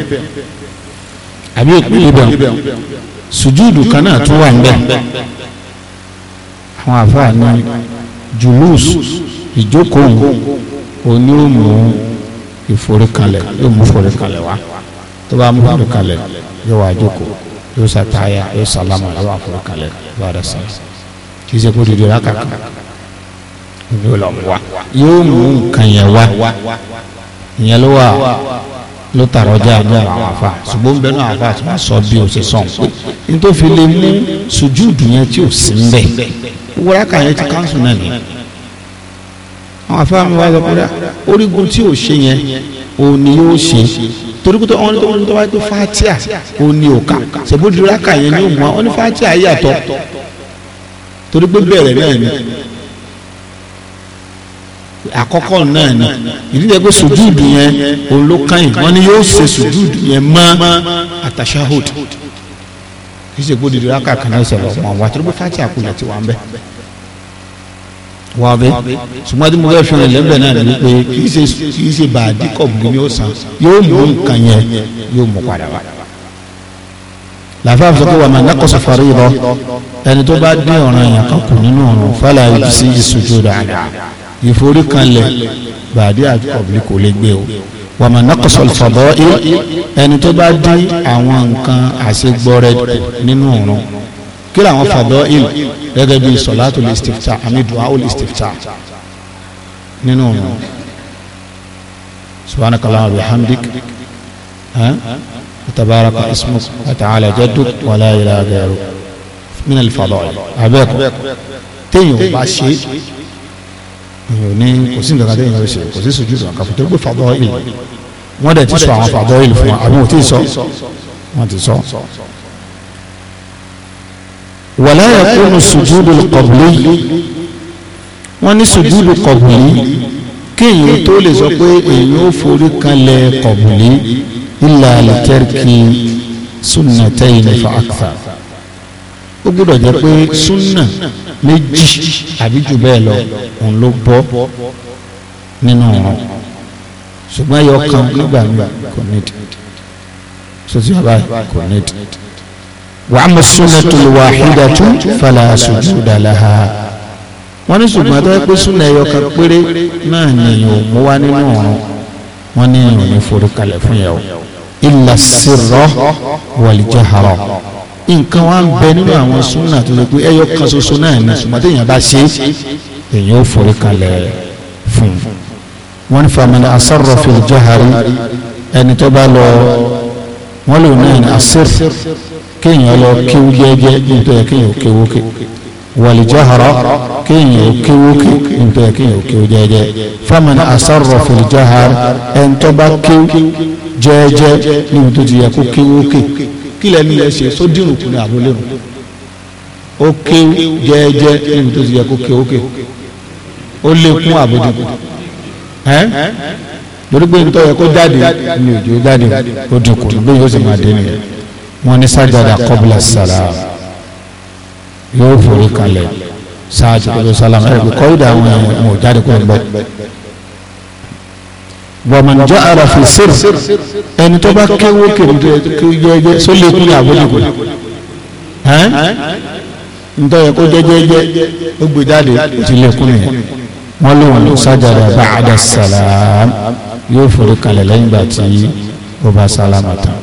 àbí òpin débẹ̀ sùjúdù kan náà tún wà níbẹ̀ àwọn afáàní julus ìjókòó òní ò mú ìforíkalẹ̀ yóò mú ìforíkalẹ̀ wá tó bá mú ìforíkalẹ̀ yóò wá jókòó yóò sàtáyà yóò sàlámà lọ́wọ́ ìforíkalẹ̀ lọ́wọ́ àdàsán kì í ṣe kó dìde rákà kan yóò mú nǹkan yẹn wá ìyẹn ló wà ló tàrọjà ní àwọn afa ṣùgbọ́n ń bẹ tí wọ́n sọ bí o ṣe sọ nǹkan nítorí fi lè mú sùjúùdù yẹn tí ò sí ń bẹ wúra kà yẹn ti káńsù náà ni àwọn afa mi wá lọ pé orígun tí ò ṣe yẹn òun ni yóò ṣe torí pé wọn tó wọn tó wáyé pé fatia òun ni òkà ṣèbúdúrà kà yẹn ni ó mú wa wọn ní fatia yàtọ̀ torí bẹ̀rẹ̀ náà ni àkọ́kọ́ náà ni ìdílé pé sùjúùdù yẹn òun ló kàn wọ́n ní yóò ṣe sùjúùdù yẹn mọ́ àtàṣáhùd kì í ṣe gbódì ìdúrà kàkàn náà ṣẹlẹ̀ ọ̀pọ̀ àwọn àtúrò pé fàtí àkùlẹ̀ ti wà ń bẹ̀. wà á bẹ ṣùgbọ́n tí mo fẹ́ fún ẹ lẹ́bẹ̀ náà ni pé kì í ṣe kì í ṣe bàdí kọ̀ọ̀gì ni ó san yóò mú nǹkan yẹn yóò mú padà wá. làfáà sọ pé wà máa nákọ̀sọ̀ fari lọ ẹni tó bá dín ọ̀ràn yẹn kan kù nínú ọ̀ràn fálà ìdí sí rẹ̀ àdáa ìforíkanlẹ̀ bàdí àti kọ̀bìlì kò lè gbé o wàmà nàkọsọlù fọdọ ẹni tó bá dín àwọn nǹkan àṣegbọrẹ nínú ọrùn kí làwọn fọdọ ìlú gẹ́gẹ́ bíi sọláàtò lè stifta àmì duawo lè stifta nínú ọrùn subhanakallahu wa hamdik tabaraka ismuk wa ta'ala jadduk wa la ilaha ghayru abẹ́kọ̀ téèyàn bá ṣe èèyàn ní kò sí nǹkan tẹ́yìn lọ́wọ́ ṣe kò sí sùjú ìdùnnà kàfọ́ tó gbé fàbọ̀ ìlú wọ́n dẹ̀ ti sọ àwọn fàbọ̀ ìlú fún wa àbí wọ́n ti sọ wọ́n ti sọ. wala yakunu sùjúdù qabli wọ́n ní sùjúdù qabli kéèyàn tó lè sọ pé èèyàn ó forí kalẹ̀ qabli illa li tarki fa akthar ó gbọ́dọ̀ jẹ́ pé súnà méjì àbí jù bẹ́ẹ̀ lọ òun ló bọ́ nínú ọ̀run ṣùgbọ́n ẹyọ kan nígbà mi kò nídìí sọtí bàbá kò nídìí. wa amma sunnatul wahidatu fala sujuda laha wọ́n ní ṣùgbọ́n tó pé súnà ẹyọ kan péré náà ni ò mú wá nínú ọ̀run wọ́n ní ìròyìn forúkalẹ̀ fún yẹn o illa sirra nǹkan wa ń bẹ nínú àwọn súnà tó ṣe pé ẹyọ kan ṣoṣo náà ni ṣùgbọ́n téèyàn bá ṣe èèyàn ò forí kalẹ̀ fún un. wọ́n ní famani asarra fil jahari ẹni tó bá lọ wọ́n lò náà ní asir kéèyàn lọ kéwú jẹ́jẹ́ nítorí kéèyàn ò kéwú ké wal jahara kéèyàn ò kéwú ké nítorí kéèyàn ò kéwú jẹ́jẹ́ famani asarra fil jahari ẹni tó bá kéwú jẹ́jẹ́ níbi tó ti yẹ kó kéwú ké kí lẹ́nu yẹn ṣe só dírun kù ní àbólérun ó ké jẹ́ẹ́jẹ́ níbi tó ti yẹ kó ké ókè ó lékún àbójúkù ẹ́ lórí pé nítorí kó jáde ní òjò jáde ó dínkù ló yóò sì máa dé nìyẹn wọn ní sájàdà kọbílà sàlám yóò forí kalẹ̀ sáájú kọbílà sàlám ẹ̀ kọ́ ìdá àwọn ẹ̀wọ̀n jáde kó ń bọ̀ bọ̀mọ̀n jẹ́ ara fi sírì ẹni tó bá kéwó kèrèjẹ́jẹ́ só lè kú yàgò nìkú ẹ́n ntọ́ yẹ kó jẹ́jẹ́jẹ́ ó gbé jáde ó ti lè kú nìyẹn wọ́n lé wọn sájàdà ba'da sàlám yóò forí kalẹ̀ lẹ́yìn ìgbà tí ó bá sálámà tán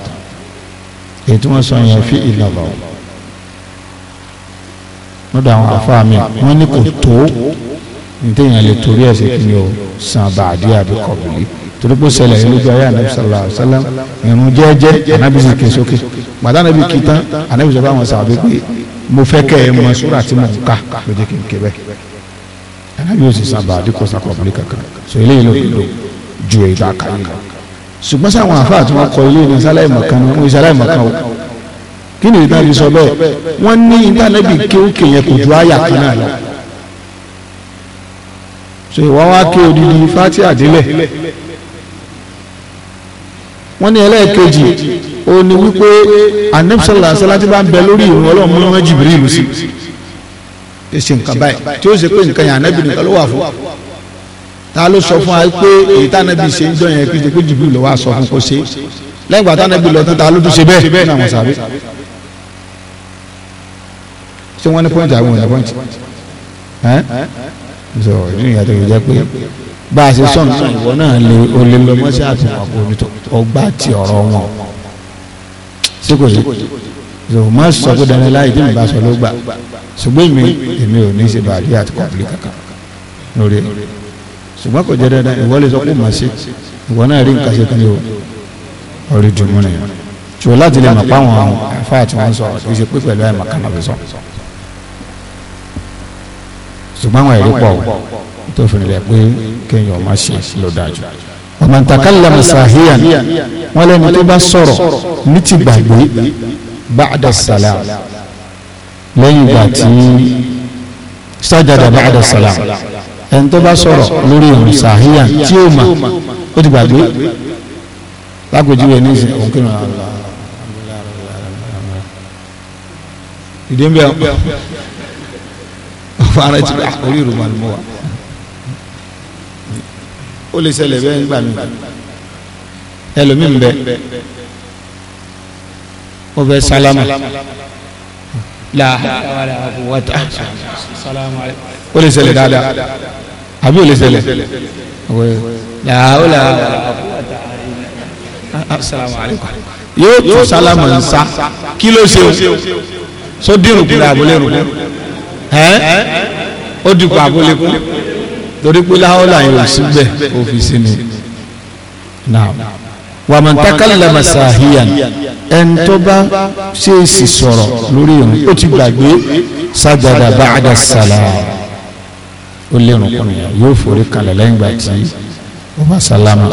èyí tí wọ́n sọ yẹn fi ìlà lọ lọ́dọ̀ àwọn àfáà mi wọ́n ní kò tó ntẹ̀yìn lè torí ẹ̀sẹ̀ kí ni o san bàdí àbíkọ̀bìlì torí pé ó ṣẹlẹ̀ lójú ayé anabi sallallahu alayhi wa sallam ìrun jẹ́ẹ́jẹ́ anabi sì ké sókè màdá anabi kì í tán anabi sọ fáwọn sàbẹ pé mo fẹ́ kẹ́ ẹ mọ súrà tí mo ń kà lójú kì í ké bẹ́ẹ̀ anabi yóò sì san bàdí kò san kọ̀ọ̀mù kankan so eléyìí ló lò ju èyí tá a kà yìí lọ ṣùgbọ́n sáwọn àfáà tí wọ́n kọ ilé ní sálẹ̀ mọ̀kan ni wọ́n sálẹ̀ mọ̀kan o kí ni ìtàn fi sọ bẹ́ẹ̀ wọ́n ní ìtànẹ́bì kéwòkè yẹn kò ju àyà kan náà lọ so ìwọ́n wá ké odidi fati àdílẹ̀ wọ́n ní ẹlẹ́ẹ̀kejì ó ní wípé anabisala asalati bá ń bẹ lórí ìrun Ọlọ́run mú wọn Jibril sí ṣe nǹkan báyìí tí ó ṣe pé nǹkan yẹn anabi nìkan ló wà fún ta ló sọ fún wa pé èyí tá anabi ṣe ń dọ̀yẹn kí ṣe pé Jibril ló wà sọ fún kó ṣe lẹ́yìn ìgbà tá anabi lọ tán ta ló tún ṣe bẹ́ẹ̀ ní àwọn sàbẹ̀ ṣé wọ́n ní pọ́ǹtì àwọn ọ̀dà pọ́ǹtì ẹ́ ẹ́ sọ ìyàtọ̀ ìjẹ́ pé bá a ṣe sọ̀n náà ìwọ náà lè olè lọ mọ́ sí àfihàn onítọ̀ ọgbà ti ọ̀rọ̀ wọn sí kò sí o má sọ pé dandan láì bí mi bá sọ ló gbà ṣùgbọ́n mi èmi ò ní í ṣe bàálí àti kọ̀ọ̀pìlì kankan lórí ṣùgbọ́n kò jẹ́ dandan ìwọ lè sọ pé màá ṣe ìwọ náà rí nǹkan ṣe kan o orí dùnmú ni ṣùgbọ́n láti lè mọ̀ páwọn àwọn àfáà tí wọ́n sọ kì í ṣe pé pẹ̀lú àìmọ̀ fi sọ ṣùgbọ́n àwọn ẹ̀rí pọ̀ tó fi rìn lẹ̀ pé kéèyàn má ṣe ló dájú. ọmọ ntakalla masahiyan wọn lẹni tó bá sọ̀rọ̀ ní ti gbàgbé ba'da salam lẹ́yìn ìgbà tí sajada ba'da salam ẹni tó bá sọ̀rọ̀ lórí ìrìn sahiyan tí ó mà ó ti gbàgbé lágbèjúwe ní ìsìn òǹkìrìn àlọ́ ìdí ń bẹ ọ fara ti orí ìrùmọ̀ ni mo wà ó lè ṣẹlẹ̀ bẹ́ẹ̀ nígbà mi ẹlòmíì ń bẹ ó fẹ́ sálámà la wàtá ó lè ṣẹlẹ̀ dáadáa àbí ó lè ṣẹlẹ̀ làwọlà yóò tún sálámà ń kí ló ṣe o sódìrùkú làbólérùkú ẹ ó dìkú àbólérùkú torí pé láhọ́lá yìí ò síbẹ̀ ó ni wà mà ń takálẹ̀ masahiyan ẹni tó bá ṣèèsì sọ̀rọ̀ lórí ìrun ó ti gbàgbé sajada ba'da salam ó lérun kùnú yóò forí kalẹ̀ lẹ́yìn ìgbà tí ó bá sálámà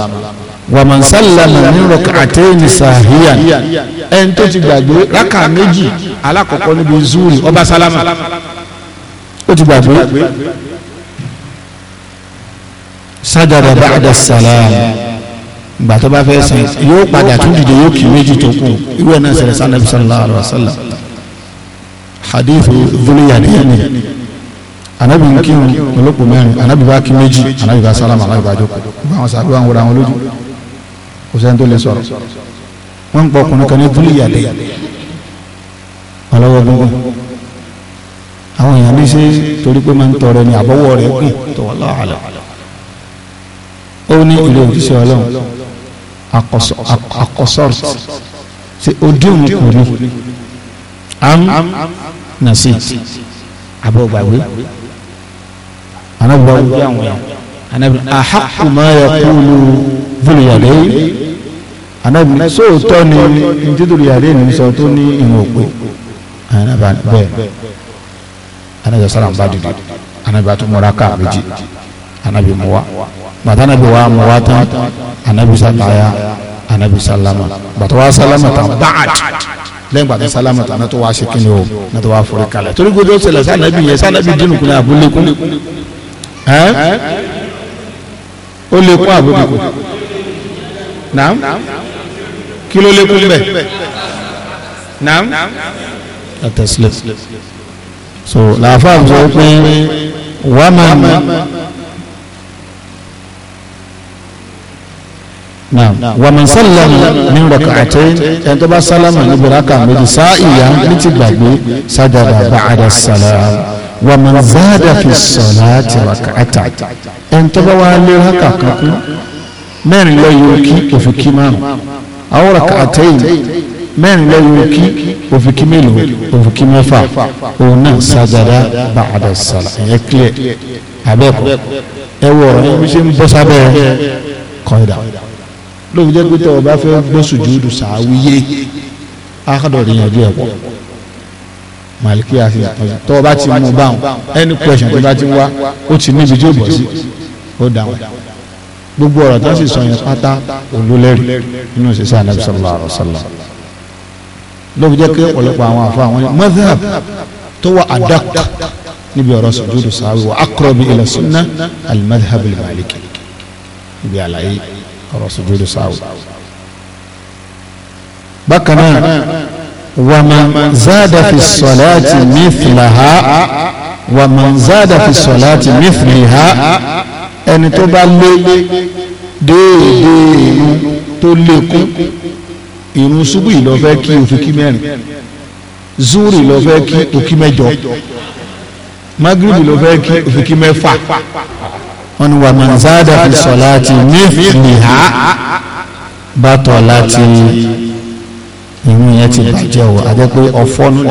wà mà ń sálámà ní rak'atayn sahiyan ẹni tó ti gbàgbé rákà méjì alákọ̀ọ́kọ́ níbi zuri ó bá ó ti gbàgbé sájàdà bàdà salam. gbà tó bá fẹ́ sìn yóò padà tún dìde yóò kí méjì tó kù ìwé náà ṣẹlẹ̀ sí anabi sallallahu alayhi wa sallam hadithu dhuliyani anabi ń kírun olóko mẹ́rin anabi bá kí méjì anabi bá sálámà anabi bá jókòó gbogbo àwọn sàbí wa ń wọra àwọn lójú kò sẹ́ni tó lè sọ̀rọ̀ wọ́n ń pọ̀ kan ní dhuliyani ọlọ́wọ́ gbọ́ngàn àwọn èèyàn ní ṣe torí pé máa ń tọrẹ ní àbọ̀wọ̀ rẹ̀ gùn tó wà láàlẹ́ ó ní ìlú òjíṣẹ́ ọlọ́run àkọsọ́rọ̀ ṣe ojú òun kò ní am nasi abọ́gbàgbé anábìbá wúlò àwọn yẹn anábìbá àhàkù máa yẹ kúlù bùrùyàdé anábìbá sóòótọ́ ni ní bùrùyàdé ní sọ tó ní ìwọ̀n òpè anábìbá bẹ́ẹ̀ anábìbá sálàmbá dìde anábìbá tó múra káà méjì anabi muwa bàtà anabi wa muwa tán anabi sàlàyà anabi sàlámà bàtà wa sàlámà tán báàd lẹ́yìn bàtà sàlámà tán nàtò wa sèkìnnì o nàtò wa forí kalẹ̀ torí gbogbo sẹlẹ̀ sànàbì yẹn sànàbì dínú kúnlẹ̀ àbúlékún ẹ́ ó lékún àbúlékún naam kí ló lékún bẹ́ẹ̀ naam àtẹ̀sílẹ̀ so làáfàá sọ pé wàá máa wàmọ̀ sálámù ní rọ̀kàtẹ́ ẹni tó bá sálámù ní bìrákà méjì sáà ìyá ní ti gbàgbé sájàdà ba'da sálámù wàmọ̀ záàdà fi salati rọ̀kàtà ẹni tó bá wà lé rákà kankú mẹ́rin lẹ́yìn òkí òfin kí márùn àwọn rọ̀kàtẹ́ yìí mẹ́rin lẹ́yìn òkí òfin kí mélòó òfin kí mẹ́fà òun náà sájàdà ba'da sálámù ẹ̀yẹ́ kílẹ̀ abẹ́kọ̀ ẹ̀wọ̀ ọ̀rọ̀ ẹ̀mí ṣe ń bọ́ sábẹ́ kọ́ńdà ló fi jẹ́ pé tẹ́ ọ bá fẹ́ gbọ́ sùjúdù sàáwíyé akadọ̀rọ̀ ìyànjú ẹ̀ pọ̀ màlìkí àfi tọ́ ọ bá ti mú báwọn any question tó bá ti wá ó ti níbi tí ó bọ̀ sí ó dáhùn gbogbo ọ̀rọ̀ tó sì sọ yẹn pátá olólẹ́rì nínú ìṣẹ̀ṣẹ̀ Ànábì sallallahu alaihi wasallam ló fi jẹ́ pé ọ̀pọ̀lọpọ̀ àwọn àfa àwọn madhhab tó wà adaq níbi ọ̀rọ̀ sùjúdù sàáwí wa ọ̀rọ̀ sùjúdù sáwù. bákan náà wàmà záàdà fi sọ̀láàtì mithliha wàmà záàdà fi sọ̀láàtì mithliha ẹni tó bá lé déédéé inú tó lékún ìrun ṣubú yìí lọ fẹ́ kí òfin kí mẹ́rin zúrì lọ fẹ́ kí òkí mẹ́jọ magrebi lọ fẹ́ kí òfin kí mẹ́fà wọ́n ní wà mọ̀nsáàdà fi salati mithliha bàtọ̀ láti ìrun yẹn ti bàjẹ́ o àjẹ́ pé ọ̀fọ́ nù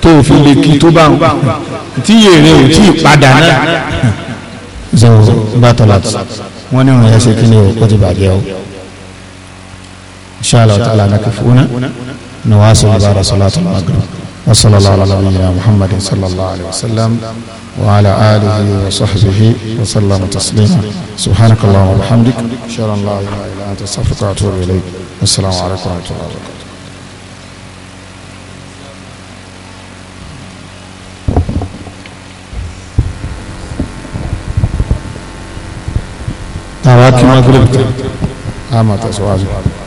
tó fi lè kí tó bá ń tí yèrè ò tí ì padà náà so bàtọ̀ láti wọ́n ní ìrun yẹn ṣe kí ni ó ti bàjẹ́ o inshallah ta'ala nakifuna nawasul bara salatul maghrib wa sallallahu ala nabiyyina muhammadin sallallahu alaihi wasallam وعلى آله وصحبه وسلم تسليما سبحانك اللهم وبحمدك أشهد أن لا إله إلا أنت أستغفرك وأتوب إليك والسلام عليكم ورحمة الله وبركاته أراك مغرب أما تسواجه